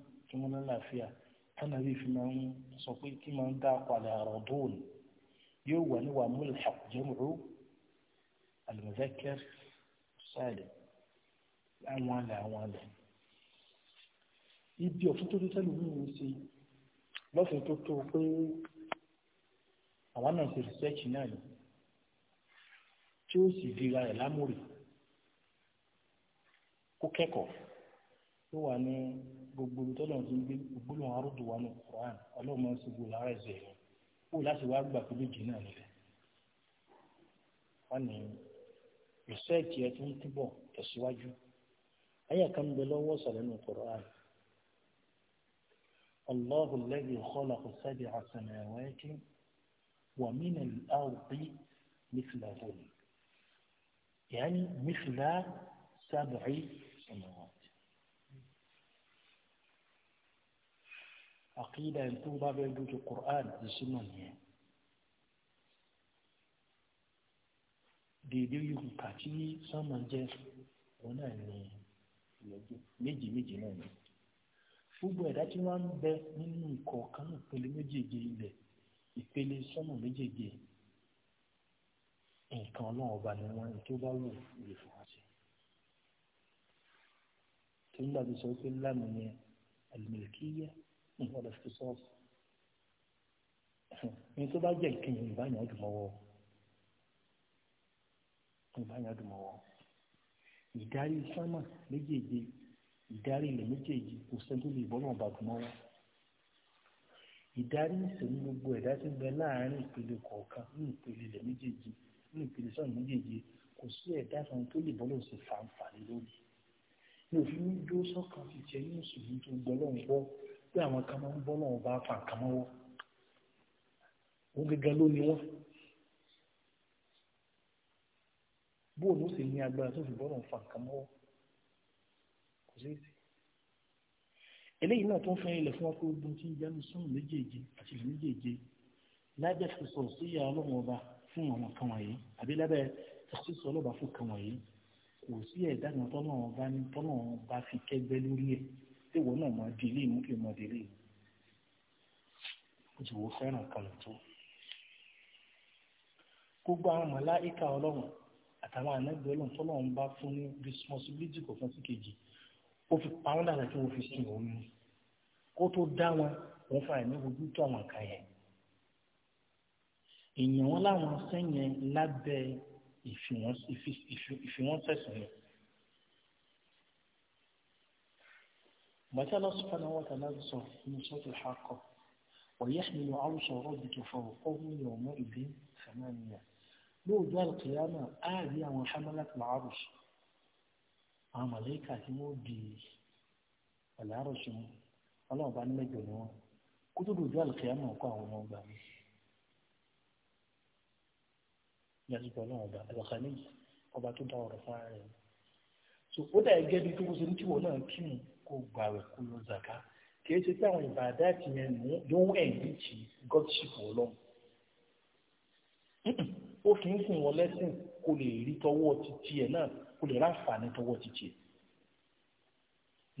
tí wọ́n lálàáfíà tánàbí fi máa ń sọ pé kí máa ń dá àpàlẹ̀ àrọ̀ dóòlù yóò wà ní wà mulhaq jam'u al-muzakkar sáàlẹ̀ àwọn alẹ̀ àwọn alẹ̀ ibi ọ̀tún tó tẹ́lẹ̀ mú mi sí lọ́sẹ̀ tó tó pé àwọn náà ṣe rìsẹ́ẹ̀kì náà ni tí ó sì dira ẹ̀ lámúrì kó kẹ́kọ̀ọ́ ló wà ní gbogbo tọ́lọ̀ ti ń gbé gbogbo àrùdù wa ní Quran ọlọ́mọ sí gbogbo ara ẹ̀sẹ̀ yẹn kó láti wá gbà pé méjì náà nílẹ̀ wọ́n ní rìsẹ́ẹ̀tì ẹ̀ tó ń túbọ̀ tẹ̀síwájú ayé kan bẹ lọ́wọ́ sọ̀rọ̀ ní Quran الله الذي خلق سبع سماوات ومن الأرض مثلهن يعني مثل سبع سماوات àkídà tó bá fẹ́ dúkì Qur'an àti súnà nìyẹn. dèdè yòókù kàtí sọ́mà jẹ́ òun náà ní ìyẹ́jú méjì méjì náà ni. gbogbo ẹ̀dá tí wọ́n ń bẹ nínú ìkọ̀ọ̀kan ìpele méjèèjì ilẹ̀ ìpele sọ́mà méjèèjì nǹkan ọlọ́run ọba ni wọ́n tó bá wù lè fún wa sí. tó ń gbàgbé sọ pé ńlá mi ni al-milkiyya nǹkan ọ̀dọ̀ fi sọ́ọ̀sì ní tó bá jẹ́ ìkẹyìn ìbáyàn dùn mọ́wọ́ ìbáyàn dùn mọ́wọ́ ìdarí sánmà méjèèjì ìdarí ilẹ̀ méjèèjì kò sẹ́ńtò lè bọ́ náà bá dùn mọ́wọ́ ìdarí ìsẹ̀mí gbogbo ẹ̀dá tí ń bẹ láàárín ìpele kọ̀ọ̀kan ní ìpele ilẹ̀ méjèèjì ní ìpele sánmà méjèèjì kò sí ẹ̀dá kan tó lè bọ́ lọ́wọ́ sí fàǹfààní lónìí ní òfin dúró sọ́kàn ti jẹ́ ní mùsùlùmí tó gbọ́ lọ́wọ́ pé àwọn kan máa ń bọ́ lọ́wọ́ bá fa nǹkan mọ́wọ́ wọ́n gẹ́gẹ́ ló ni wọ́n bóun ló sì ní agbára tó fi bọ́ lọ́wọ́ fa nǹkan mọ́wọ́ kò sí èsì eléyìí náà tó ń fẹ́ ilẹ̀ fún wa pé ogun tí ń jẹ́ ní sún méjèèje àti ìlú méjèèje lábẹ́ fòsò sí ìyá ọlọ́run ọba fún àwọn kan wọ̀nyí àbí lábẹ́ ìṣísọ ọlọ́ba fún kan wọ̀nyí kò sí ẹ̀dá kan tọ́nà ọba ní tọ́nà ọba fi kẹ́gbẹ́ lórí ẹ̀ tí ìwọ náà mọ délé mú kí n mọ délé o ti wo fẹ́ràn kan tó gbogbo àwọn màláíkà ọlọ́run àtàwọn ànágbé ọlọ́run tọ́lọ́run bá fún ní responsibility kọ̀ọ̀kan sí kejì ó fi pa wọ́n dàgbà tí wọ́n fi sin òun ni kó tó dá wọn wọ́n fa ẹ̀mí ojú tó àwọn kan yẹn èèyàn wọn láwọn sẹ́yìn lábẹ́ ìfìwọ́nsẹ̀sìn yẹn bàtí Allah subhanahu wa ta'ala sọ nínú sọ́tò Haqqa wa yahmilu 'arsha rabbika fawqahum yawma'idhin thamaniya lóòjọ́ àlùkìyàmà á rí àwọn hamalatul 'arsh àwọn màlẹ́kà tí wọ́n di àlárọ̀ṣù mu ọlọ́run bá ní mẹ́jọ ni wọ́n kó tó dòjú àlùkìyàmà kó àwọn ọmọ ọgbà mi. yàtúkọ ọlọ́run ọba àlùkàní ọba tó dá ọ̀rọ̀ fára rẹ̀ so ó dà ẹgẹ́ bí tó kó ṣe ní tíwọ́ náà kírun kó gbàwẹ̀ kó lọ zaka kì í ṣe pé àwọn ìbàdá ti yẹn mú lóun ẹ̀ǹdíjì godship ọlọ́run ó kì í sìn wọn lẹ́sìn kó lè rí tọwọ́ títí ẹ̀ náà kó lè ráǹfààní tọwọ́ títí ẹ̀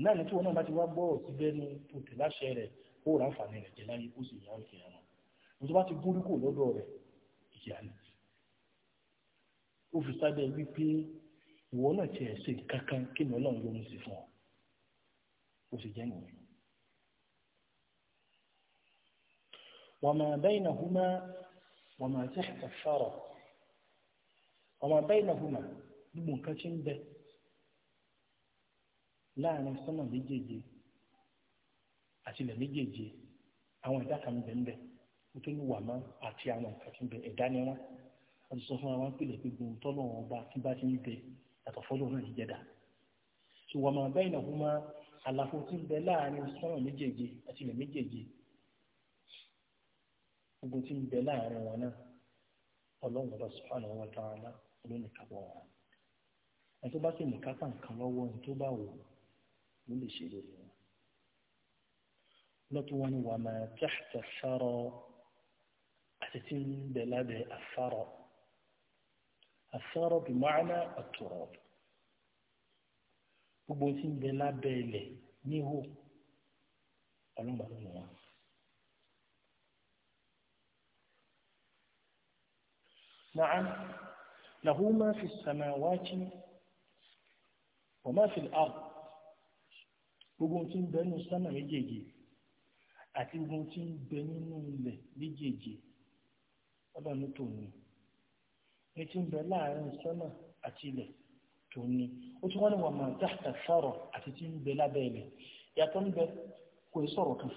náà ní tí wọn náà bá ti wá gbọ́ ọ̀sí bẹ́ẹ̀ni tó tẹ̀ láṣẹ rẹ̀ ó ráǹfààní rẹ̀ jẹ́ láyé ó sì yá òkè àwọn nítorí wọn ti gúrí kò lọ́dọ̀ rẹ̀ ìyá ni ó fi sábẹ́ wípé ìwọ náà ti ẹ̀ ṣe kankan kí ni ọlọ́run yóò mú sí fún ọ ó sì jẹ́ nìyẹn. wama baynahuma wama tahta ash-shara wama baynahuma gbogbo nǹkan tí ń bẹ láàrin sọ́nà méjèèje àti ilẹ̀ méjèèje àwọn ẹ̀dá kan bẹ̀ ń bẹ̀ nítorí wà má àti àwọn nǹkan tí ń bẹ ẹ̀dá ni wọ́n a ti sọ fún wa pé lẹ́pẹ́ gbogbo tọ́lọ̀ wọn bá tí bá ti ń bẹ yàtọ̀ fọ́lọ́ náà ti jẹ́dà tí wọ́n máa bẹ́ẹ̀ náà fún máa àlàfo tí ń bẹ láàrin sọ́rọ̀ méjèèjì àti ilẹ̀ méjèèjì gbogbo tí ń bẹ láàrin wọn náà ọlọ́run lọ subhanahu wa ta'ala ló nìkápọ̀ wọn ẹni tó bá sì nìkápá nǹkan lọ́wọ́ ẹni tó bá wò ló lè ṣe lórí wọn lọ́tún wọn ni wà máa tahta sárọ̀ àti tí ń bẹ lábẹ́ àsárọ̀ àsárọ̀ bí ma'ana at-turab gbogbo tí ń bẹ lábẹ́ ilẹ̀ níhò ọlọ́gbà ló wọ́n. نعم له ما في السماوات وما في الأرض gbogbo tí ń bẹ nínú sánmà méjèèjì àti gbogbo tí ń bẹ nínú ilẹ̀ méjèèjì ọlọ́run tó ní ní ń bẹ láàrin sánmà àti ilẹ̀ tó ní ó tún wọ́n ní wọ́n máa dáhùn sọ̀rọ̀ àti tí ń bẹ lábẹ́ ilẹ̀ yàtọ̀ ń bẹ kò sọ̀rọ̀ kan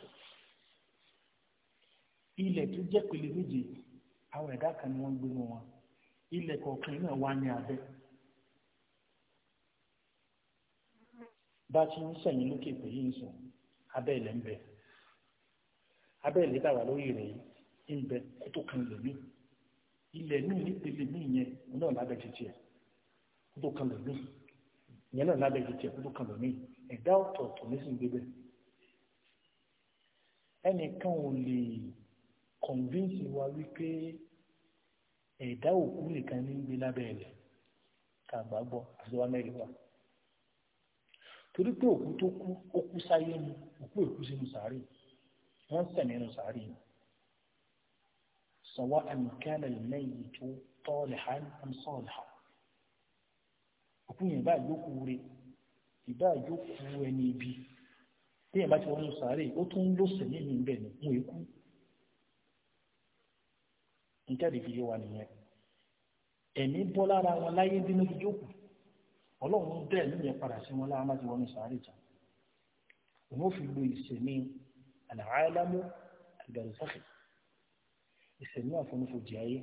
ilẹ̀ tó jẹ́ pèlè méje àwọn ẹ̀dá kan ni wọ́n wọn ilẹ̀ kọ̀ọ̀kan náà wá ní abẹ́ bá a ti ń sẹ̀yìn lókè pé yìí ń sùn abẹ́ ilẹ̀ ń bẹ abẹ́ ilẹ̀ tó kan lò mí ìyẹn náà lábẹ́ ìdíje tó kan lò mí ẹ̀dá ọ̀tọ̀ọ̀tọ̀ ní sì ń gbé bẹ́ẹ̀ ò lè convince wa wípé ẹ̀dá òkú nìkan ní ń gbé lábẹ́ ẹ̀lẹ̀ ká gbàgbọ́ àti wa mẹ́rin wa torí pé òkú tó kú ó kú sáyé mu òkú èkú sínú sàárè wọ́n sẹ̀ nínú sàárè ni sọ̀wọ́ ẹnìkan lè tó tọ́ọ̀lẹ̀ hàn án sọ̀ọ̀lẹ̀ hàn òkú yẹn bá ìjókù rẹ ìbá ìjókù ẹni ibi téèyàn bá ti wọnú sàárè ó tún lọ́sẹ̀ ní ìlú bẹ́ẹ̀ ni mú ikú níta fi yé wa nìyẹn ẹ̀mí bọ́ lára wọn láyé bí wọ́n jókòó ọlọ́run bẹ́ẹ̀ ní yẹn padà sí wọn láwọn láti wọnú sàárè jà òun ó fi lo ìsẹ̀mí àlàáyálámú àgbàdùsáfẹ̀ ìsẹ̀mí àfọ̀nufọ̀jì ayé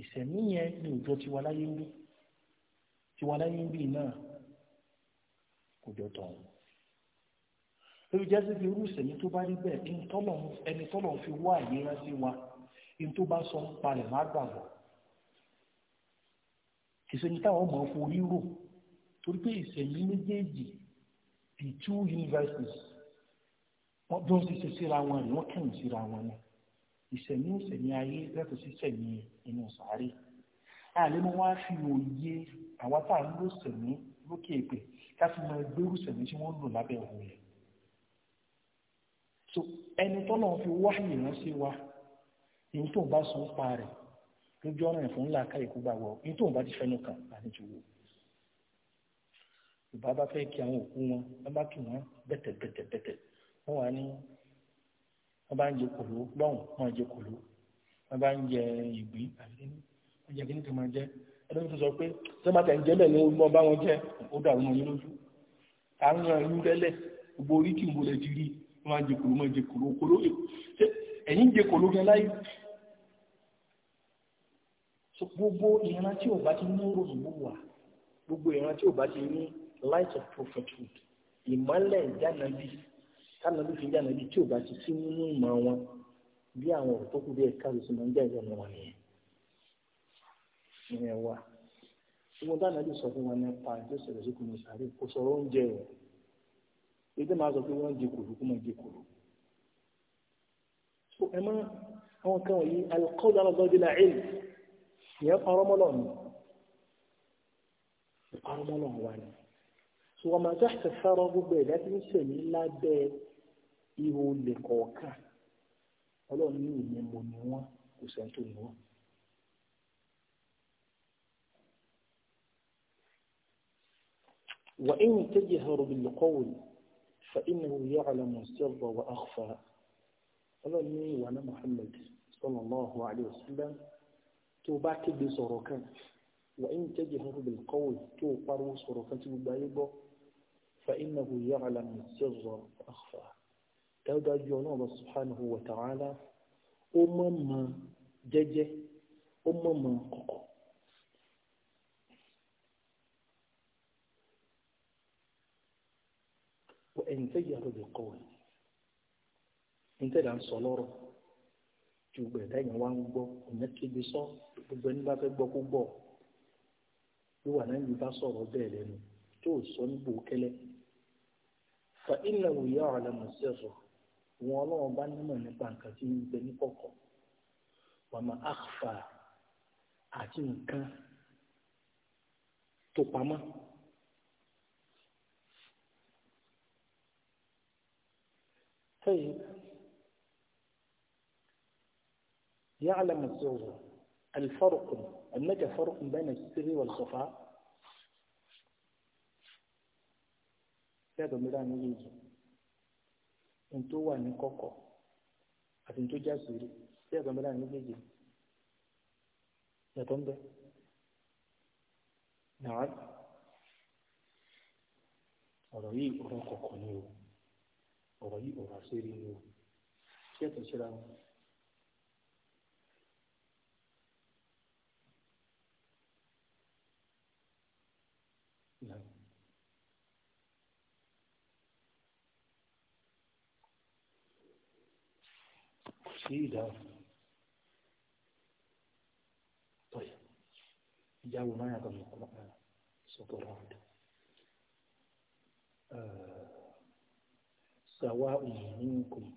ìsẹ̀mí yẹn ní òjò tiwa láyé ń bí tí wọn láyé ń bì náà kò jọ tọ̀hún lórí jásí fi irú ìsẹ̀mí tó bá rí bẹ́ẹ̀ ẹni tọ́lọ̀ ń fi wá ìlera sí wa ẹni tó bá sọ ń parẹ̀ má gbàgbọ́ ìsẹ̀mí táwọn ọmọ forí rò torí pé ìsẹ̀mí méjèèjì the two universities wọ́n bí wọ́n ṣe síra wọn ni wọ́n kẹ́yìn síra wọn ni ìsẹ̀mí ìsẹ̀mí ayé yàtọ̀ sí ìsẹ̀mí inú sàárè àlẹ́ mo wá fi òye àwa tá à ń lò sẹ̀mí lókè èpè ká fi máa gbérù sẹ̀mí tí wọ́n ń lò lábẹ́ òun yẹn. so ẹni tọ́lọ̀ fi wáyé ránṣẹ́ wa èyí tó ń bá sọ ń pa rẹ̀ lójú ọ̀nà ẹ̀fọ́ ńlá ká ìkú gbà wọ̀ èyí tó ń bá ti fẹ́nu kàn láti ti wò. ìbá bá fẹ́ kí àwọn òkú wọn wọ́n bá kí wọ́n bẹ̀tẹ̀ bẹ̀tẹ̀ bẹ̀tẹ̀ wọ́n wà ní wọ́n bá ń jẹ kòló lọ́hùn wọ́n jẹ kòló wọ́n bá ń jẹ ìgbín àti wọ́n jẹ kí ní kí máa jẹ́ ẹlẹ́mi tó sọ pé sọ́mátà ń jẹ́ bẹ́ẹ̀ ni wọ́n bá wọn jẹ́ ó dàrú wọn yín lójú àrùn ẹ̀yìn tẹ́lẹ̀ gbogbo orí kì í mo lẹ ti rí máa ń jẹ kòló máa ń jẹ kòló kòló ẹ̀yìn jẹ kòló gan láyé gbogbo ìran tí ò bá ti ní rògbò wà gbogbo ìran tí ò bá ti ní light of prophethood ìmọ́lẹ̀ ìjánabi kánabi fi jánabi tí ò bá ti sí nínú ìmọ̀ wọn bí àwọn ọ̀rọ̀ bí ẹ̀ka ló máa ń jáde ọ̀nà wọn nìyẹn ìyẹn wà ṣùgbọ́n táwọn ẹbí sọ fún wọn nípa ìjọsẹ̀rẹ̀ sí kùnú sàárè kò sọ̀rọ̀ oúnjẹ rẹ̀ ètò máa sọ pé wọ́n di kòló kó máa di kòló. ẹ má àwọn kan wọ̀nyí alikọ́dọ̀ alágbọ́dé la ẹ̀yìn ìyẹn parọ́mọ́lọ́ ni parọ́mọ́lọ́ wa ni so wọ́n máa tẹ́ gbogbo ẹ̀dá tí ń sẹ̀mí lábẹ́ ihò lẹ́kọ̀ọ̀kan ọlọ́run ní ìyẹn mo ní wọn kò sẹ́ńtò ní wọn. وإن تجهر بالقول فإنه يعلم السر وأخفى هذا من وانا محمد صلى الله عليه وسلم توبات بصروكا وإن تجهر بالقول توقر صروكا تبايبو فإنه يعلم السر وأخفى هذا جون الله سبحانه وتعالى أمم جج أمم قوق e tẹ́ yàrá òbí kọ́ ẹ̀ ẹni tẹ́ là ń gbogbo ẹni bá fẹ́ gbọ́ kó gbọ́ fa iná òye ọ̀rẹ́ wọn ọlọ́run bá nímọ̀ nípa nǹkan tí ń bẹ àti nǹkan tó طيب يعلم الزوجة الفرق أنك فرق بين السر والخفاء هذا ملان يجي انتو وان كوكو انتو جاسوري هذا ملان يجي يا طنبه نعم أروي أروي كوكو نيو ọ̀rọ̀ yìí ọ̀rọ̀ àṣírí ni o ṣé ẹ̀tún ṣíra wọn. sí ìdáhùn tọ́yà ìjáwó náà yàtọ̀ ní ọ̀pọ̀lọpọ̀ sọ́tọ̀ ọ̀rọ̀ سواء منكم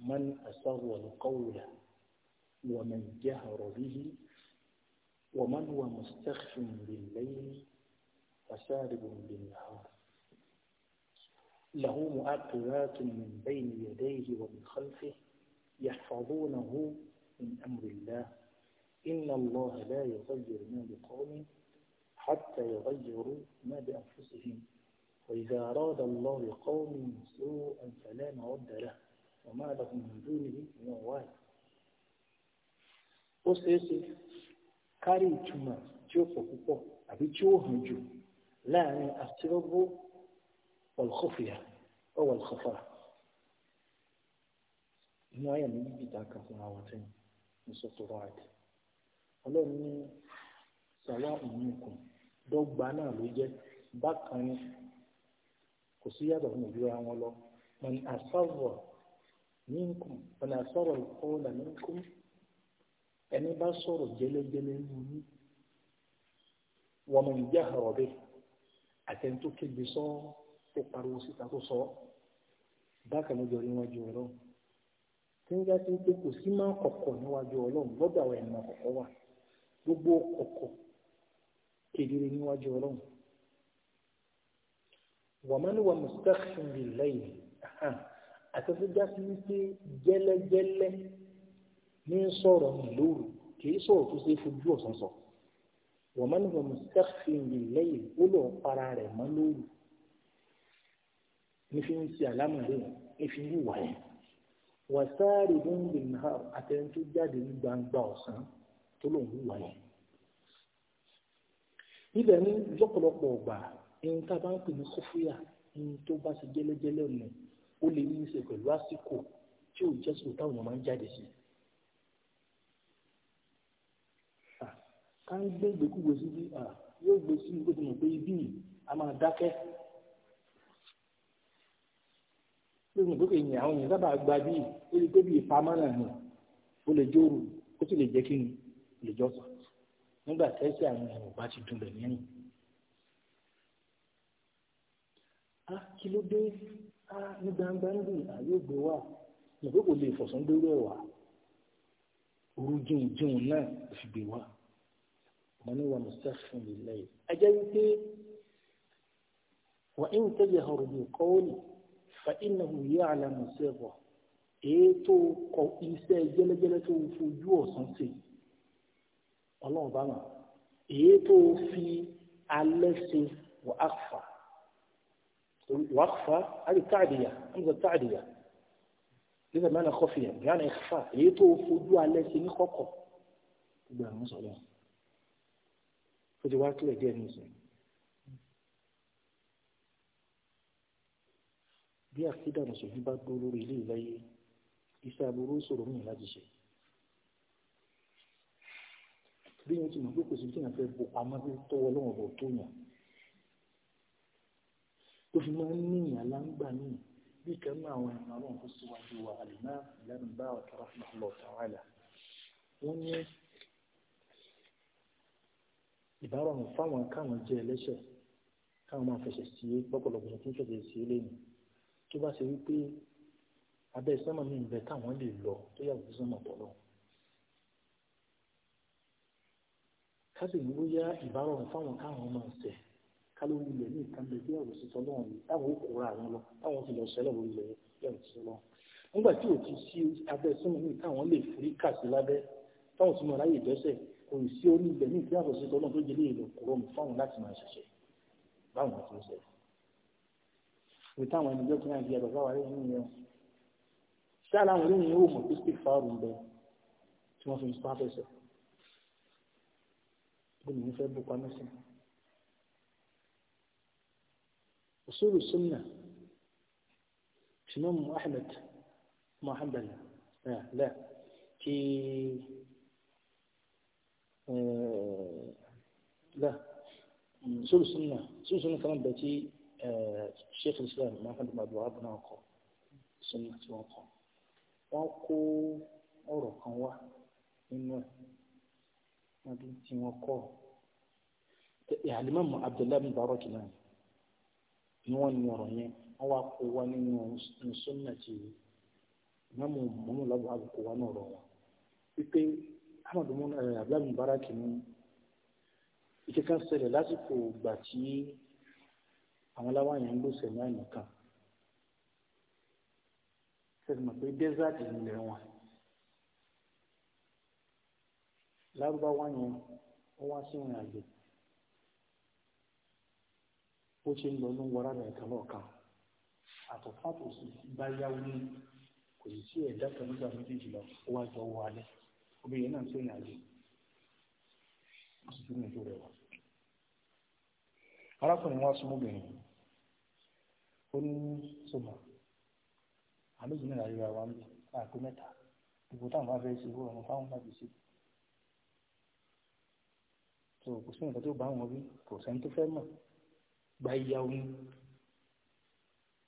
من أسر القول ومن جهر به ومن هو مستخف بالليل وسارب بالنهار له مؤقبات من بين يديه ومن خلفه يحفظونه من أمر الله إن الله لا يغير ما بقوم حتى يغيروا ما بأنفسهم وإذا أراد الله لقوم سوءا فلا مرد له وما لهم من دونه من وال ó ṣeéṣe kárí ìtumọ̀ tí ó pọ̀ púpọ̀ àbí tí ó hàn jù láàrin àtirọ́gbó ọ̀lùkọ́fìyà ọ̀wọ̀ ọ̀lùkọ́fà inú ayé mi níbi ìdáka fún àwọn tẹ́yìn ní sọ́tọ̀rọ̀ àdì ọlọ́run ní sàwá ìmú ikùn dọ́gba náà ló jẹ́ bákan ní kò sí yàtọ̀ fún ìdúrà wọn lọ wọn ni àsọ̀rọ̀ minkum wọn ni àsọ̀rọ̀ ìkọ́ọ̀là minkum ẹni bá sọ̀rọ̀ jẹ́lẹ́jẹ́lẹ́ nínú wọn mọ̀ níjà ọ̀rọ̀ bẹ́ẹ̀ àtẹni tó kéde sọ tó pariwo síta tó sọ bákan ló jọrí wọn ju ọlọ́run tí ń jáde pé kò sí máa kọ̀kọ̀ níwájú ọlọ́run lọ́dọ̀ àwọn ẹ̀mọ́ kọ̀kọ̀ wà gbogbo kọ̀kọ̀ kedere níwájú ọlọ́run wàmán wà mustakhfin bil layl àtẹ̀síjá sí wípé jẹ́lẹ́jẹ́lẹ́ ní sọ̀rọ̀ lóru kìí sọ̀rọ̀ tó ṣe fojú ọ̀sán sọ wàmán wà mustakhfin bil layl ó lọ para rẹ̀ mọ́ lóru ní fi ń ṣe àlámọ̀lẹ́ ní fi ń wà yẹn wàsáàrì náà àtẹ̀yìn ní gbangba ọ̀sán tó lòún wà yẹn ibẹ̀ ní lọ́pọ̀lọpọ̀ ọgbà ẹni tá a bá ń pè ní kófíà ẹni tó bá ṣe jẹ́lẹ́jẹ́lẹ́ ọ̀nà ó lè ní í ṣe pẹ̀lú àsìkò tí ò jẹ́ sùn táwọn máa ń jáde sí. ká ń gbé ìgbékúgbé síbi yóò gbé sí ibi tó mọ̀ pé ibi yìí a máa dákẹ́. lórí ìgbókè yìí àwọn èèyàn sábà gba bí ó lè tóbi ìpamọ́ náà ni ó lè jóoru ó sì lè jẹ́ kí ni lè jọ́sọ̀ nígbà tẹ́sí àwọn èèyàn bá ti dùn bẹ̀ á ah, kí ló dé á ah, ní gbangba ń bì àyè ògbó wà ìgbó kò lè fọ̀sán lórí ẹ̀wà òru jìn jìn náà kò fi gbé wà wọn ni wọn sá fún mi lẹ́yìn. a jẹ́ wípé wọ́n ń tẹ́jẹ̀ ọ̀rọ̀ bí kọ́ọ̀lì fa iná wù yá àlàmù sẹ́wọ̀ èyí kọ iṣẹ́ jẹ́lẹ́jẹ́lẹ́ tó fojú ọ̀sán sí ọlọ́run bá wọn èyí fi alẹ́ ṣe wọ́n á fà á. وقفة هذه التعدية همزة التعدية إذا ما أنا خفية يعني إخفاء يطوف دوا لسني خقو تبقى مصر فجوات لي دير نسين bí àkídà mùsùlùmí bá dúró lórí ilé ìláyé iṣẹ́ aburú sọ̀rọ̀ mí láti ṣe bí yẹn ti mọ̀ pé kò sí tí yẹn fẹ́ bo pamọ́ tó tọ́wọ́ lọ́wọ́ bò tó yàn tó fi máa ń ní ìyàlá ń gbà míì bí kan náà àwọn ìmọ̀ àwọn tó síwájú wa àlùmá ìlànà bá ọ̀tá rahmatullah ta'ala wọ́n ní ìbárọ̀rùn fáwọn káwọn jẹ́ ẹlẹ́ṣẹ̀ káwọn máa fẹsẹ̀ sí é lọ́pọ̀lọpọ̀ tó ń fẹsẹ̀ sí é lẹ́yìn tó bá ṣe wípé abẹ́ sọ́mọ̀ mi ń bẹ táwọn lè lọ tó yàgò sí sọ́mọ̀ pọ̀ ká sì ní bóyá ìbárọ̀rùn fáwọn káwọn máa ń sẹ̀ kálórí ilẹ̀ ní ìkànnì bí ọ̀rọ̀ sísọ lọ́wọ́ ni táwọn ó àwọn lọ táwọn ti lọ sẹ́lẹ̀ wọ ilẹ̀ yẹn ti lọ. nígbà tí ò ti sí abẹ́ sínú ní táwọn lè forí kà sí lábẹ́ táwọn ti mọ dẹ́sẹ̀ kò sí orí ilẹ̀ ní ìpínlẹ̀ àbọ̀sí tọ́lọ́ tó jẹ́ léèlò kò rọrùn fáwọn láti máa ṣẹ̀ṣẹ̀ báwọn ti ń ṣẹlẹ̀. pé táwọn ẹni jọ́kí náà di àgbàgbà wa yẹn أصول السنة شنو أحمد ما حنبل لا لا كي آه، لا أصول السنة أصول السنة كمان بتي الشيخ آه، الإسلام ما حنبل بعد وعبنا وقو السنة وقو وقو ọ̀rọ̀ واحد wá nínú ẹ̀ wọ́n ti wọ́n عبد الله abdullahi mubarak náà ni wọ́n ní ọ̀rọ̀ yẹn wọ́n wá kó wá nínú sunna ti mọ́mú mọ́mú lọ́bọ̀ àbùkù wá náà rọ̀ wọn. wípé amadu mun eh, abdulhamu baraki ni ìkẹ́kẹ́ ṣẹlẹ̀ lásìkò ìgbà tí àwọn aláwọ̀ yẹn ń lò sẹ̀mí àyànká sẹ́ni mọ̀ pé dẹ́sẹ̀tì nílẹ̀ wọn lárúbáwá yẹn wọ́n wá sí ìrìn àjò bó ṣe ń lọ ló ń wọra rẹ̀ kan lọ́ọ̀kan àtọ̀fàtò sì bá yáwó ní kò sì sí ẹ̀dá kan nígbà méjèèjì lọ ó wá jọ wọ alẹ́ obìnrin náà àjò ó sì tún rẹ̀ wá. arákùnrin wa súnmọ́ obìnrin ó ní sọmọ wa ń káàkó mẹ́ta ìbò táwọn bá fẹ́ ṣe ìwọ gba ìyá oyún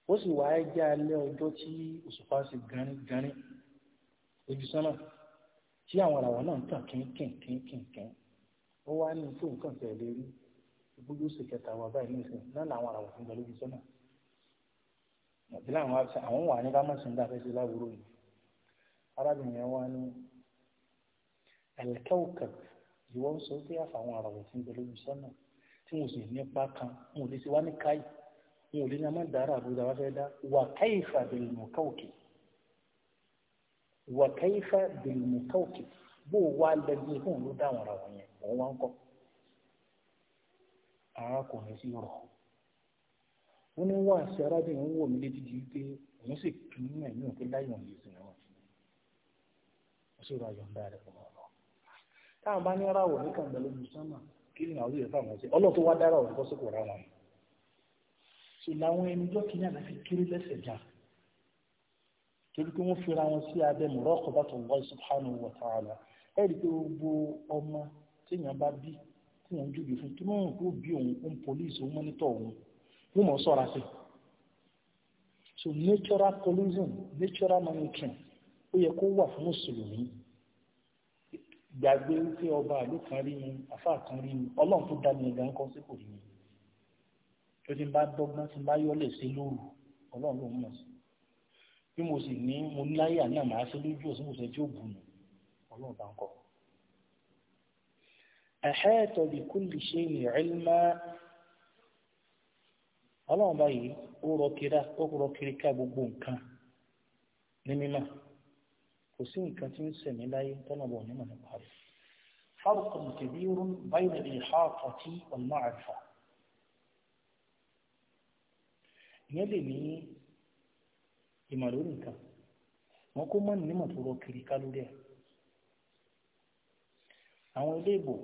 ó sì wáá jẹ́ alẹ́ ọjọ́ tí òṣùpá sì gánrín ojú sánà tí àwọn àràwọ̀ náà ń tàn kínkínkínkínkín ó wá ní tó nǹkan tẹ̀ lé rí gbogbo oṣù kẹta wà báyìí nísìnyí náà làwọn àràwọ̀ fún bẹ lójú sánà àbílẹ̀ àwọn àwọn wà ní kámọ́sìn dáfẹ́ sí láwùrọ̀ yìí arábìnrin yẹn wá ní ẹ̀lẹ́kẹ́ òkè ìwọ́n sọ pé àfàwọn àràwọ̀ fún bẹ lójú sánà tí wọn ò sì nípa kan wọn ò lè ṣe wá ní káyì wọn ò lè ní a máa dára àbúrò àwọn afẹ́ dá wà kayfa bil mutawqi wà kayfa bil mutawqi bó o wá lẹ́gbẹ́ fún òun ló dá àwọn ara wọn yẹn òun wá ń kọ́ arákùnrin sí rọ̀ wọ́n ní wọ́n àṣẹ arábìnrin wò mí létí di wípé òun sì kí ní ẹ̀mí òun pé láyé òun lè sìn wọn sì rọ àyọ̀ǹda rẹ̀ fún ọ kí ni àwọn ìyẹ̀fà wọn ṣe ọlọ́run tó wá dára ọ̀rọ̀ bọ́ sípò ráwọn ṣe làwọn ẹni jọ́ kí ní àná fi kéré lẹ́sẹ̀ já torí pé wọ́n fira wọn sí abẹ́ muraqabatu Allah subhanahu wa ta'ala ẹ̀rí pé gbogbo ọmọ téèyàn bá bí téèyàn jùlọ fún kí wọ́n kó bí òun òun pọ́líìsì òun mọ́nítọ̀ òun wọ́n mọ̀ sọ́ra sí so natural collision natural monitoring ó yẹ kó wà fún mùsùlùmí gbàgbé wípé ọba àlú kan rí ni àfáà kan rí ni ọlọ́run tó dá mi ẹ̀gá ń kọ́ sí kò rí ni tó ti bá dọ́gbọ́n ti bá yọ́lẹ̀ sí lóru ọlọ́run ló ń mọ̀ sí bí mo sì ní mo ní láyé àní àmà ṣe lójú òsín kò sẹ́ tí ó bù ọlọ́run bá ń kọ́. ahata bi kulli shay'in ilma ọlọ́run báyìí ó rọ kiri ká gbogbo nǹkan ní mímọ́ kò sí nǹkan tí ń sẹ̀mí láyé tọ́nà bọ̀ nípa rẹ̀. فرق كبير بين الإحاطة والمعرفة ìyẹn lè ní ìmọ̀ lórí nǹkan wọn kó mọ́ nímọ̀ tó rọ kiri ká lórí ẹ̀ àwọn ilé ìbò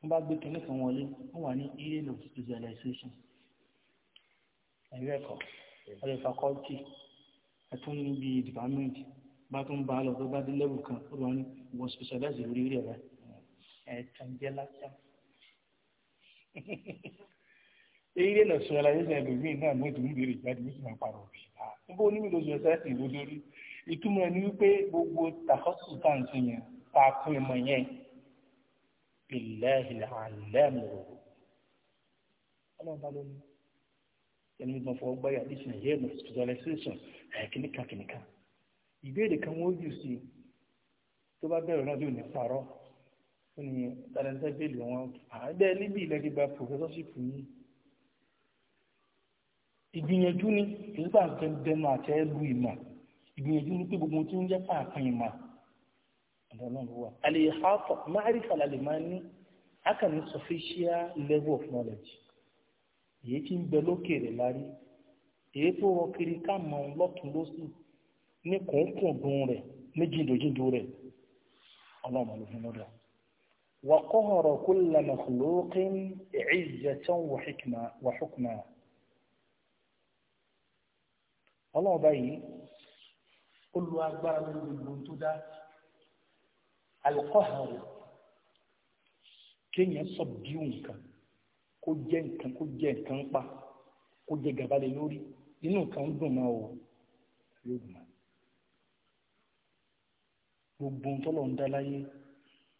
wọn bá gbé kinní kan wọlé wọn wà ní ilé visualization ẹ̀rí ẹ̀kọ́ ẹ̀rí faculty ẹ̀tún níbi department bá tún bá lọ tó bá dé lẹ́wù kan ó lọ ní wọ́n specialize lórí rí ẹ̀rọ ẹ̀tàn jẹ́ lásán. eré lọ sọ ọ́la yóò sẹ́yìn lómi náà mo tún ń béèrè ìjáde mo sì máa parọ́ òbí. Ah, níbo onímọ̀ lóṣù ẹ̀sẹ̀ ẹ̀sìn ìlú lórí ìtumọ̀ ẹni wípé gbogbo tàkọ́sùn tá à ń sìn yẹn tá a kún ìmọ̀ yẹn billahi alẹ́mù ọlọ́run bá lónìí ẹni mo fọwọ́ gbáyà ìbéèrè kan wọ́n jù sí tó bá bẹ̀rẹ̀ náà yóò ní parọ́ ó ní tàlẹ́ńtẹ́ bẹ́ẹ̀lì wọn àádẹ́ níbi ìlẹ́gbẹ́ gba professorship yìí ìgbìyànjú ni kìí bá nǹkan dẹnu àtẹ́ lu ìmọ̀ ìgbìyànjú ni pé gbogbo tí ń jẹ́ pàápàá ìmọ̀ ọ̀dọ̀ náà ló wà. àlè ìhàpọ̀ máàrífà làlè máa ní akànnì sufficient level of knowledge èyí tí ń bẹ lókè rẹ̀ lárí èyí tó rọ kiri ká mọ̀ ọ́n lọ́tún lọ́sùn ní kùnkùndùn rẹ̀ ní jìndòjìndò rẹ̀ ọlọ́run ló fi mú dá. wa qahara kulla makhluqin izzatan wa hukma. ọlọ́run báyìí ó lu agbára lórí gbogbo tó dá al-qahr kéèyàn sọ̀bíù nǹkan kó jẹ́ nǹkan kó jẹ́ nǹkan pa kó jẹ́ gàba lórí inú nǹkan ń dùn máa o yóò dùn máa gbogbo ohun tọ́lọ̀ ń dá láyé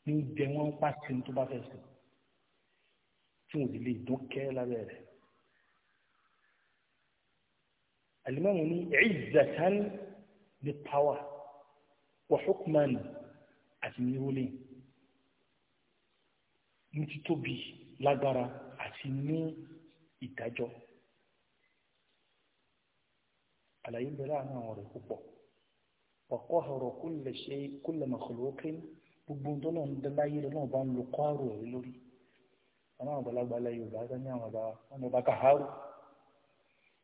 ní jẹ wọ́n ń pàṣẹ tó bá fẹ́ sùn tí wọ́n sì lè dún kẹ́ lábẹ́ rẹ̀. alimami ni izzatan ni power wa hukman àti ní ruling ní títóbi lágbára àti ní ìdájọ́ àlàyé bẹ̀rẹ̀ àwọn ọ̀rẹ́ ọ̀kọ́họ̀rọ̀ kúlẹ̀ ṣe kúlẹ̀ mọ̀kòlókè gbogbo tó lọ́n ń dẹ́láyé lọ́n bá ń lo kọ́ọ̀rọ̀ rẹ lórí àwọn àgbàlagbà alẹ́ yorùbá sọ ní àwọn ọba kàhárù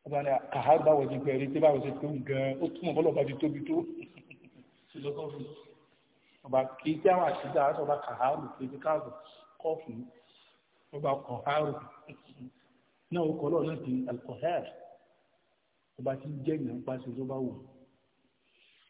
ọba ní kàhárù báwo ti pẹ̀lú tí báwo ti tó gan ó túmọ̀ bọ́lọ̀ bá ti tóbi tó ọba kì í tí àwọn àṣìṣe àwọn ọba kàhárù kì í ti káàbù kọ́ọ̀fù ọba kọ̀hárù náà ó kọ́ lọ́ọ̀ náà ti alkọ̀hẹ́r ọba ti jẹ́ ìyàn pàṣẹ tó bá wù ú.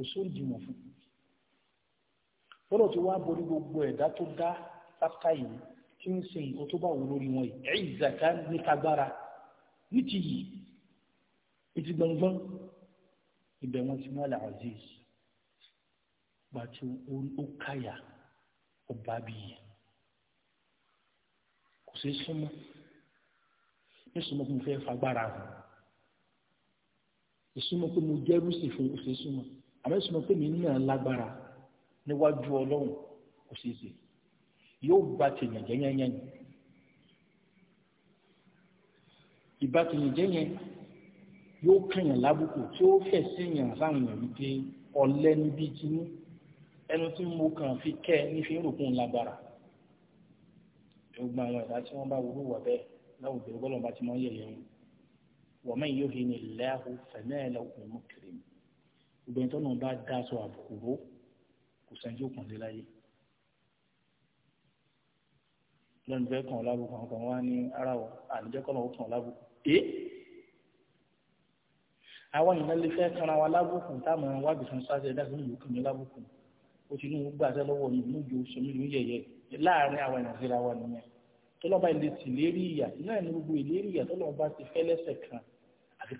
kò sóòdì mọ̀ fún bọ́dọ̀ tí wàá borí gbogbo ẹ̀dá tó dá lápá yìí tí ń ṣe nǹkan tó bá wù lórí wọn yìí ẹ̀yìn ìzàká ní tagbára ní ti yìí ìtì gbọ̀ngbọ̀n ibẹ̀ wọn ti mú aziz gba tí ó káyà ọba bíi kò sí súnmọ́ ní súnmọ́ pé mo fẹ́ fagbára hàn ìsúnmọ́ pé mo jẹ́rú sí fún òṣèṣúnmọ́ àmẹ́sùn pé mi náà lágbára níwájú ọlọ́run kò ṣeé ṣe yóò bá tèèyàn jẹ́ yẹn yẹn ìbá tèèyàn jẹ́ yẹn yóò kẹ̀yàn lábùkù tí ó fẹ̀ sẹ́yìn sáwọn èèyàn wípé ọ̀lẹ́ níbi tinú ẹnu tí mo kàn fi kẹ́ ẹ ní fi ń rògbòn lágbára gbogbo àwọn ẹ̀dá tí wọ́n bá wúlò wà bẹ́ẹ̀ láwùjọ ìgbọ́lọ́ba tí wọ́n yẹ̀yẹ̀ wọ́n mẹ́yìn yóò hin ní ìlẹ́hùn fẹ̀mẹ́ẹ̀lẹ́hùn mọ́kìrìmù gbogbo ẹni tó náà bá dá aṣọ àbùkù bó kò sẹ́ni tó kàn lé láyé lọ́nà fẹ́ kàn lábùkù àwọn kan wá ní ara ọ̀ àníjẹ́kọ́ náà ó kàn lábùkù ẹ́ àwọn ìyẹn lè fẹ́ kanra wa lábùkù táwọn wábì fún sáṣẹ ẹ̀dá sínú ìlú kàn mí lábùkù ó ti ní ìlú gbàṣẹ lọ́wọ́ mi ìlú ìjọ oṣù mi ìlú yẹ̀yẹ́ láàárín àwọn ìrìnàjò ra wa nìyẹn tọ́lọ́ba ilé tì lérí ìyà náà ní gbogbo ìlérí ìyà tọ́lọ́ba ti fẹ́ lẹ́sẹ̀ kan àfi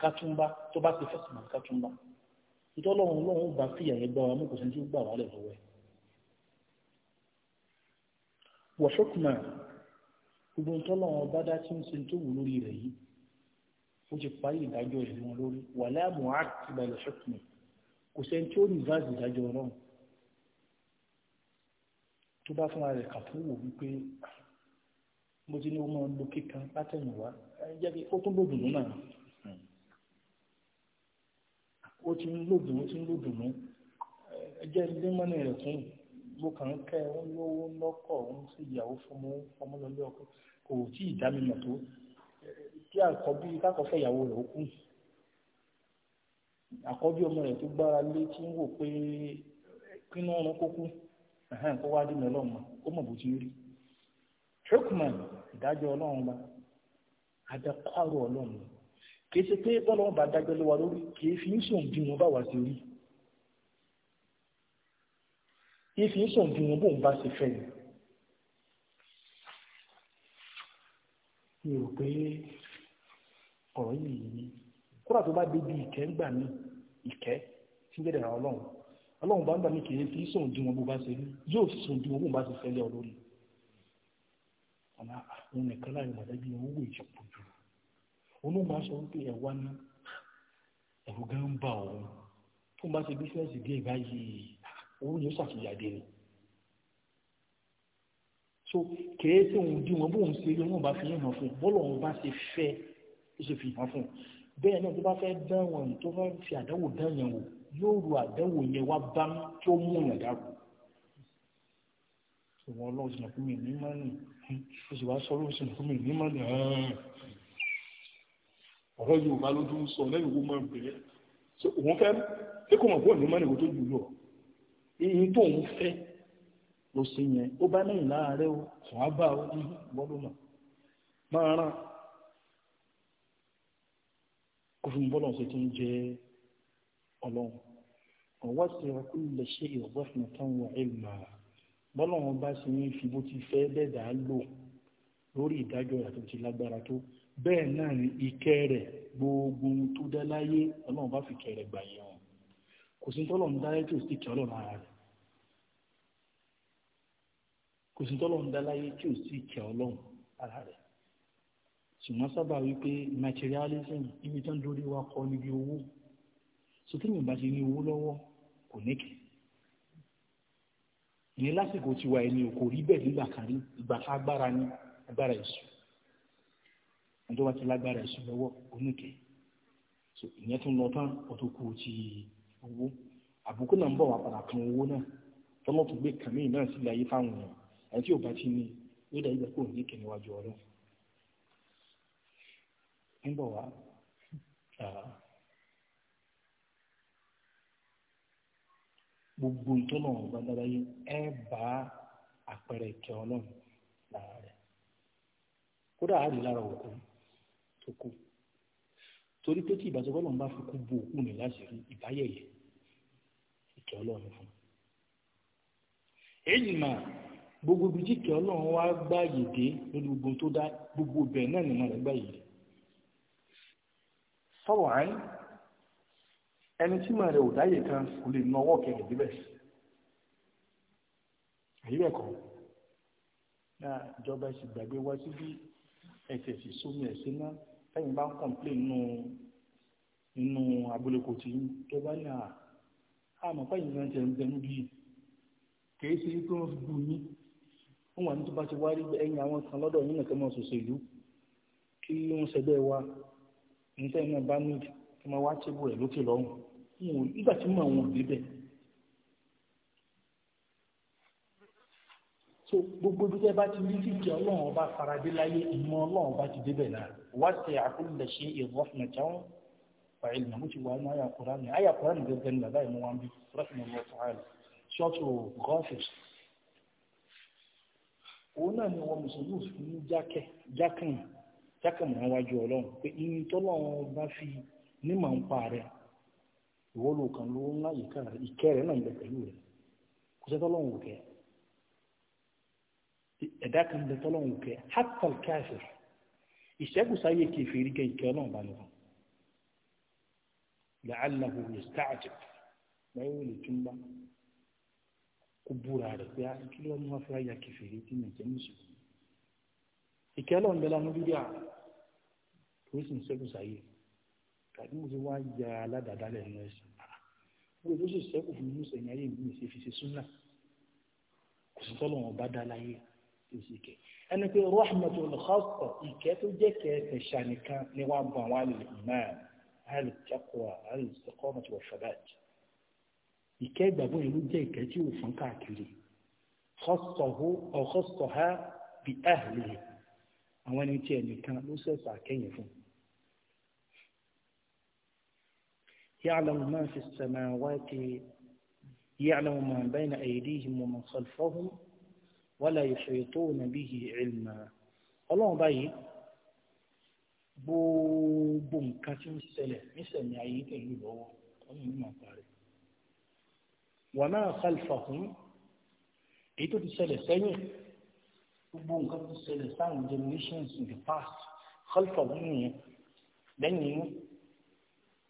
tó bá ti fẹ́ sùn àfi ìtọ́ lọ́run lọ́run ó bá fìyà yẹn gbọ́n wọn mú kò sí tí ó gbà wálẹ̀ lọ́wọ́ ẹ̀. wọ̀ṣọ́kùnmá gbogbo ìtọ́ lọ́run bá dá tí ń sin tó wù lórí rẹ̀ yìí ó ti parí ìdájọ́ rẹ̀ wọn lórí wà láàmú àkìbà ìlọ́ṣọ́kùnmá kò sẹ́ni tí ó ní vaasi ìdájọ́ ọlọ́run tó bá fúnra rẹ̀ kàfúwò wípé ah, mo ti ní ó máa lo kíkan látẹ̀yìnwá ó tún lòdùn náà ó ti ń lògùn ó ti ń lògùn mú ẹjẹ́ ilé mọ́nà rẹ̀ fún mo kàn ń kẹ́ ń lówó ń ìyàwó fọmọ ọkọ kò tí ì dá mi mọ̀ tó kí àkọ́bí kákọ́fẹ́ ìyàwó rẹ̀ ó kù ọmọ tó gbára lé tí ń wò pé kó kú kó wá dínà bó ti rí kìí ṣe pé bọ́lá wọn bá dájọ́ lé wa lórí kìí fi ń sùn bí wọn bá wà sí rí kìí fi ń sùn bí wọn bóun bá ṣe fẹ́ ni. mi ò pé ọ̀rọ̀ yìí kúrò tó bá débi ìkẹ́ ń gbà mí ìkẹ́ tí ń gbẹ̀dẹ̀ ra ọlọ́run ọlọ́run bá ń gbà mí kìí fi ń sùn bí wọn bó bá ṣe rí yóò fi sùn bí wọn bóun bá ṣe fẹ́ lé lórí. ọ̀nà àwọn nìkan láàrin mọ̀lẹ́bí wọn wò olóhùn aṣọ wípé ẹ̀ wá ná ẹ̀rù gan ń bà òun tó ń bá ṣe bísíǹsì díẹ̀ báyìí owó yóò ṣàfihàdé ni so kèé tí òun dí wọn bóun ṣe rí wọn bá fi hàn fún un bọ́lọ̀ òun bá ṣe fẹ́ ó ṣe fi hàn fún un bẹ́ẹ̀ náà tó bá fẹ́ dán wọn tó fẹ́ fi àdánwò dán yẹn wò yóò ru àdánwò yẹn wá bá tí ó mú yàn dárò ìwọ ọlọ́run sì nàkúmí ní mọ́nì ó sì wá sọ ọlọ́run sì nàkúmí ní mọ́nì ọ̀rọ̀ yorùbá ló tún sọ lẹ́yìn owó máa ń bèrè òun fẹ́ tí kò mọ̀ pé òní mọ́ni kò tó jù lọ èyí tó ń fẹ́ ló sì yẹn ó bá lẹ́yìn láàárẹ̀ o kàn á bá o ní bọ́lọ́mà máa rán kò fún bọ́lọ̀ ṣe tó ń jẹ ọlọ́run ọ̀wọ́ sí ọkùn lè ṣe ìrọ̀bọ̀fìn tán wà ìlmà bọ́lọ́run bá sì ń fi bó ti fẹ́ bẹ́ẹ̀ dà lò lórí ìdájọ́ ìyàtọ̀ ti lágbára tó bẹ́ẹ̀ náà ni ìkẹ́ rẹ̀ gbogbo tó dá láyé ọlọ́run bá fi kẹ́ rẹ̀ gbà yẹn wọn kò sí tọ́lọ̀ ń dá láyé tó sì kẹ́ ọlọ́run ara rẹ̀ kò sí tọ́lọ̀ ń dá láyé tí ò sì kẹ́ ọlọ́run ara rẹ̀ ṣùgbọ́n sábà wípé materialism ibi tán lórí wa kọ́ níbi owó sotẹ́yìn bá ti ní owó lọ́wọ́ kò níkẹ́ ìyẹn lásìkò tiwa ẹni ò kò rí bẹ́ẹ̀ nígbà kan rí ìgbà ká agbára ní agbára ìṣù tó bá ti lágbára ẹ̀sùn lọ́wọ́ oníkẹ́ so ìyẹn tún lọ tán ọtún kú ti owó àbùkù náà ń bọ̀ wá padà kan owó náà tọ́lọ́ tó gbé kàmí náà sí ilé ayé fáwọn èèyàn àti tí ò bá ti ní yóò dá ìgbà kó ní kẹ́ níwájú ọlọ́ ń bọ̀ wá gbogbo ìtọ́nà tó kù torí pé tí ìbáṣepọ̀ lọ́n bá fi kú bu òkú mi láṣìírí ìbáyẹ̀yẹ̀ ìkẹ́ ọlọ́run fún un. èyí mà gbogbo ibi tí ìkẹ́ ọlọ́run wá gbáàyè dé lórí gbogbo tó dá gbogbo bẹ̀ náà nìmọ̀ rẹ̀ gbáàyè dé. sọ̀rọ̀ àárín ẹni tí màá rẹ̀ ò dáyè kan kò lè na ọwọ́ kẹrẹ̀ débẹ̀. àyíbẹ̀ kọ́ náà ìjọba ẹ̀sìn gbàgbé wá síbí ẹ̀sẹ̀ sì sómi ẹ̀sìn náà tẹ́yìn bá ń kọ̀m̀plé nínú nínú agbélẹ̀kọ̀ tí tó bá ní àmọ́ fẹ́yìn náà jẹ́ ń bẹ́ẹ̀ níbí kìí ṣe pé wọ́n fi bù yín wọ́n wà ní tó bá ti wárí ẹ̀yìn àwọn kan lọ́dọ̀ yín nìkan máa sòsè ìlú kí wọ́n ṣẹgbẹ́ wa níta ìmọ̀ bá ní kí wọ́n wá tẹ́bù rẹ̀ lókè lọ́rùn nígbà tí mo àwọn òbí bẹ́ẹ̀ so gbogbo bí tẹ́ bá ti rí kìkì ọlọ́run ọba faradé láyé ìmọ̀ ọlọ́run ọba ti débẹ̀ náà wá sí àkúlẹ̀ ṣe ìrọ́fìnà táwọn fàìlì náà mo ti wà ní àyà kúránì àyà kúránì gẹ́gẹ́ ní bàbá ìmú wa ń bí rọ́fìnà lọ fàìlì ṣọ́ọ̀tù gọ́ọ̀fìs òun náà ni wọn mùsùlùmí fún ní jákẹ́ jákàn jákàn mọ́ wájú ọlọ́run pé irin tọ́lọ́run bá fi nímọ̀ ń pa rẹ̀ ìwọ́lù kan ló ń láyìíká ìkẹ́ rẹ̀ náà ń bẹ pẹ̀lú rẹ̀ kò sẹ́tọ́lọ́run ò kẹ́ẹ́ ẹ̀dá kan bẹ tọ́lọ́hún kẹ hatal káfíìr ìṣẹ́gun sáyé kẹfìrí kẹ ìkẹ́ ọlọ́run bá lọ́wọ́ làálàhùn yastajib báyọ̀ wọlé túnbá kó búra rẹ̀ pé ah, kí ló ń wá fẹ́ ya kẹfìrí tí mi jẹ́ mùsùlùmí ìkẹ́ ọlọ́run bẹ lánàá bíbí à kò sì ń ṣẹ́gun sáyé tàbí mo ti wá ya aládàádálẹ̀ nínú ẹ̀sìn ah, gbogbo tó sì ṣẹ́kù fún mi ní sẹ́yìn tí ó sì kẹ́ ẹni pé rọ́ọ̀mẹ́tò lọ́sọ̀ ìkẹ́ tó jẹ́ kẹ́ ẹ̀ṣà nìkan ni wọ́n bọ̀ wọ́n lè máa àlè tẹ́kọ̀ọ́ àlè sọ́kọ́mọ̀tò ọ̀ṣọ́dájì ìkẹ́ ìgbàgbọ́ yẹn ló jẹ́ ìkẹ́ tí ò fún káàkiri ọ̀kọ́sọ̀há bí ahlihi àwọn ẹni tí ẹnìkan ló sẹ̀sà kẹ́yìn fún. ya'lamu ma fi as-samawati ya'lamu ma bayna aydihim wa ma khalfahum wala yuhituna bihi ilma ọlọ́run báyìí gbogbo nǹkan tí ń ṣẹlẹ̀ nísẹ̀mí ayé pẹ̀lú lọ́wọ́ ọ̀hún ní màá parí. wa ma khalfahum èyí tó ti ṣẹlẹ̀ sẹ́yìn gbogbo nǹkan tó ṣẹlẹ̀ sáwọn generations in the past khalfahum nìyẹn lẹ́yìn inú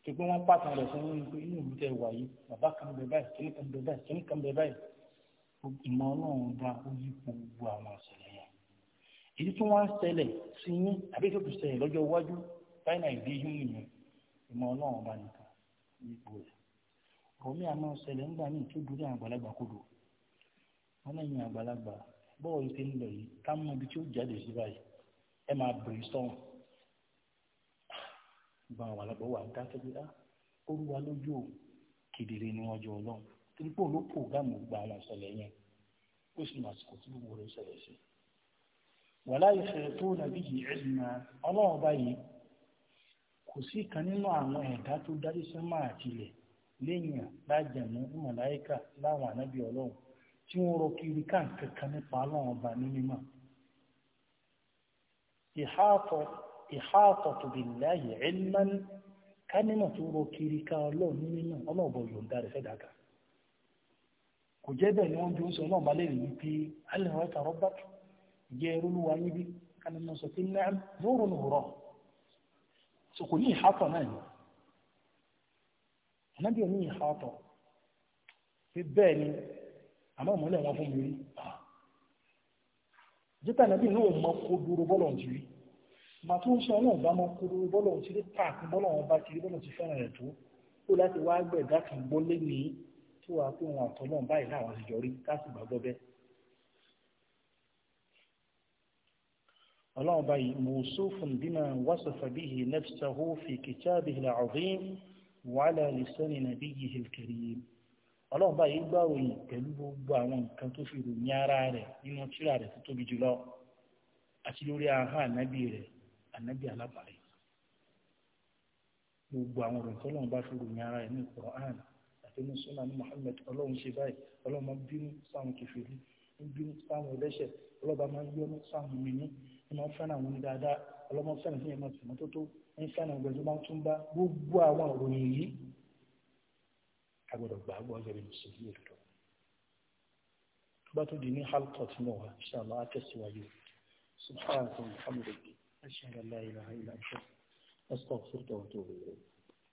tó pé wọ́n pàtàkì rẹ̀ fún inú ìlú tẹ̀ wáyé bàbá kan bẹ báyìí kíní kan báyìí kíní kan báyìí ìmọ̀ ọlọ́run bá ó yí gbogbo àwọn ìṣẹ̀lẹ̀ yẹn èyí tí wọ́n ń ṣẹlẹ̀ sí yín àbíkẹ́ tó ṣẹlẹ̀ lọ́jọ́ iwájú fáìnà ìdí yín nìyẹn ìmọ̀ ọlọ́run bá nìkan yípo rẹ̀ ọ̀rọ̀ mi àmọ́ ṣẹlẹ̀ ńgbà míì tó dúró àgbàlagbà kodò wọn lẹ́yìn àgbàlagbà bọ́ọ̀lù ti ń lọ yìí ká mọ ibi tí ó jáde sí báyìí ẹ máa bèrè sọ́hùn torí pé olóko gáàmù gba àwọn ìṣẹ̀lẹ̀ yẹn ó sì máa sọ̀kò tí gbogbo rẹ̀ ṣẹlẹ̀ sí. wàlá ìfẹ́ tó nàbí yìí ẹ̀sìnà ọlọ́run báyìí kò sí kan nínú àwọn ẹ̀dá tó dájú sánmà àti ilẹ̀ lẹ́yìn lájàmú màláìkà láwọn ànábì ọlọ́run tí wọ́n rọ kiri káàkiri nípa ọlọ́run ọba ní mímọ́. ìhàtọ̀ láyé ká tó rọ kiri ká ọlọ́run ní mímọ́ kò jẹ́ bẹ́ẹ̀ ni wọ́n bí ó sọ náà balẹ̀ yìí pé alẹ́wọ̀n ẹ̀ta rọ́bà jẹ́ olúwa yín bí kálí náà sọ pé náà lóòrùn ní òrọ̀ so kò ní ìhátọ̀ náà ni ànábì òní ìhátọ̀ pé bẹ́ẹ̀ ni àmọ́ ìmọ̀lẹ̀ wọn fún mi rí jẹ́tà ànábì náà mọ kó dúró bọ́lọ̀ ń rí màá tó sọ náà bá mọ kó dúró bọ́lọ̀ ń rí pààkì bọ́lọ̀ wọn rí bọ́lọ̀ ti fẹ́ràn rẹ̀ tó kó láti wá gbẹ̀dá kan gbọ́lé nìyí tó wàá pé wọn àtọ́ náà báyìí láwọn àṣejọ rí káàsì gbàgbọ́ bẹ́ẹ̀. ọlọ́run báyìí mùsùlùmí bímọ wàṣọfà bíi na fi kitabihi al-azim wàhálà lisani nabiyyihi al-karim ọlọ́run báyìí gbàròyìn pẹ̀lú gbogbo àwọn nǹkan tó fi ròyìn ara nínú tó tóbi jùlọ àti lórí gbogbo àwọn àti ní sunnah ní Muhammad ọlọ́run ṣe báyìí ọlọ́run máa ń bínú sáwọn kẹfìrí ń bínú sáwọn ẹlẹ́ṣẹ̀ ọlọ́ba máa ń yọnu sáwọn mímí ń máa ń fẹ́ràn àwọn onídáadáa ọlọ́mọ fẹ́ràn fún yẹn máa tìmọ́ tótó ń fẹ́ràn ọgbẹ́ tó máa ń tún bá gbogbo àwọn òròyìn yìí agbọ́dọ̀ gbà á gbọ́ ọjọ́ ìlú sí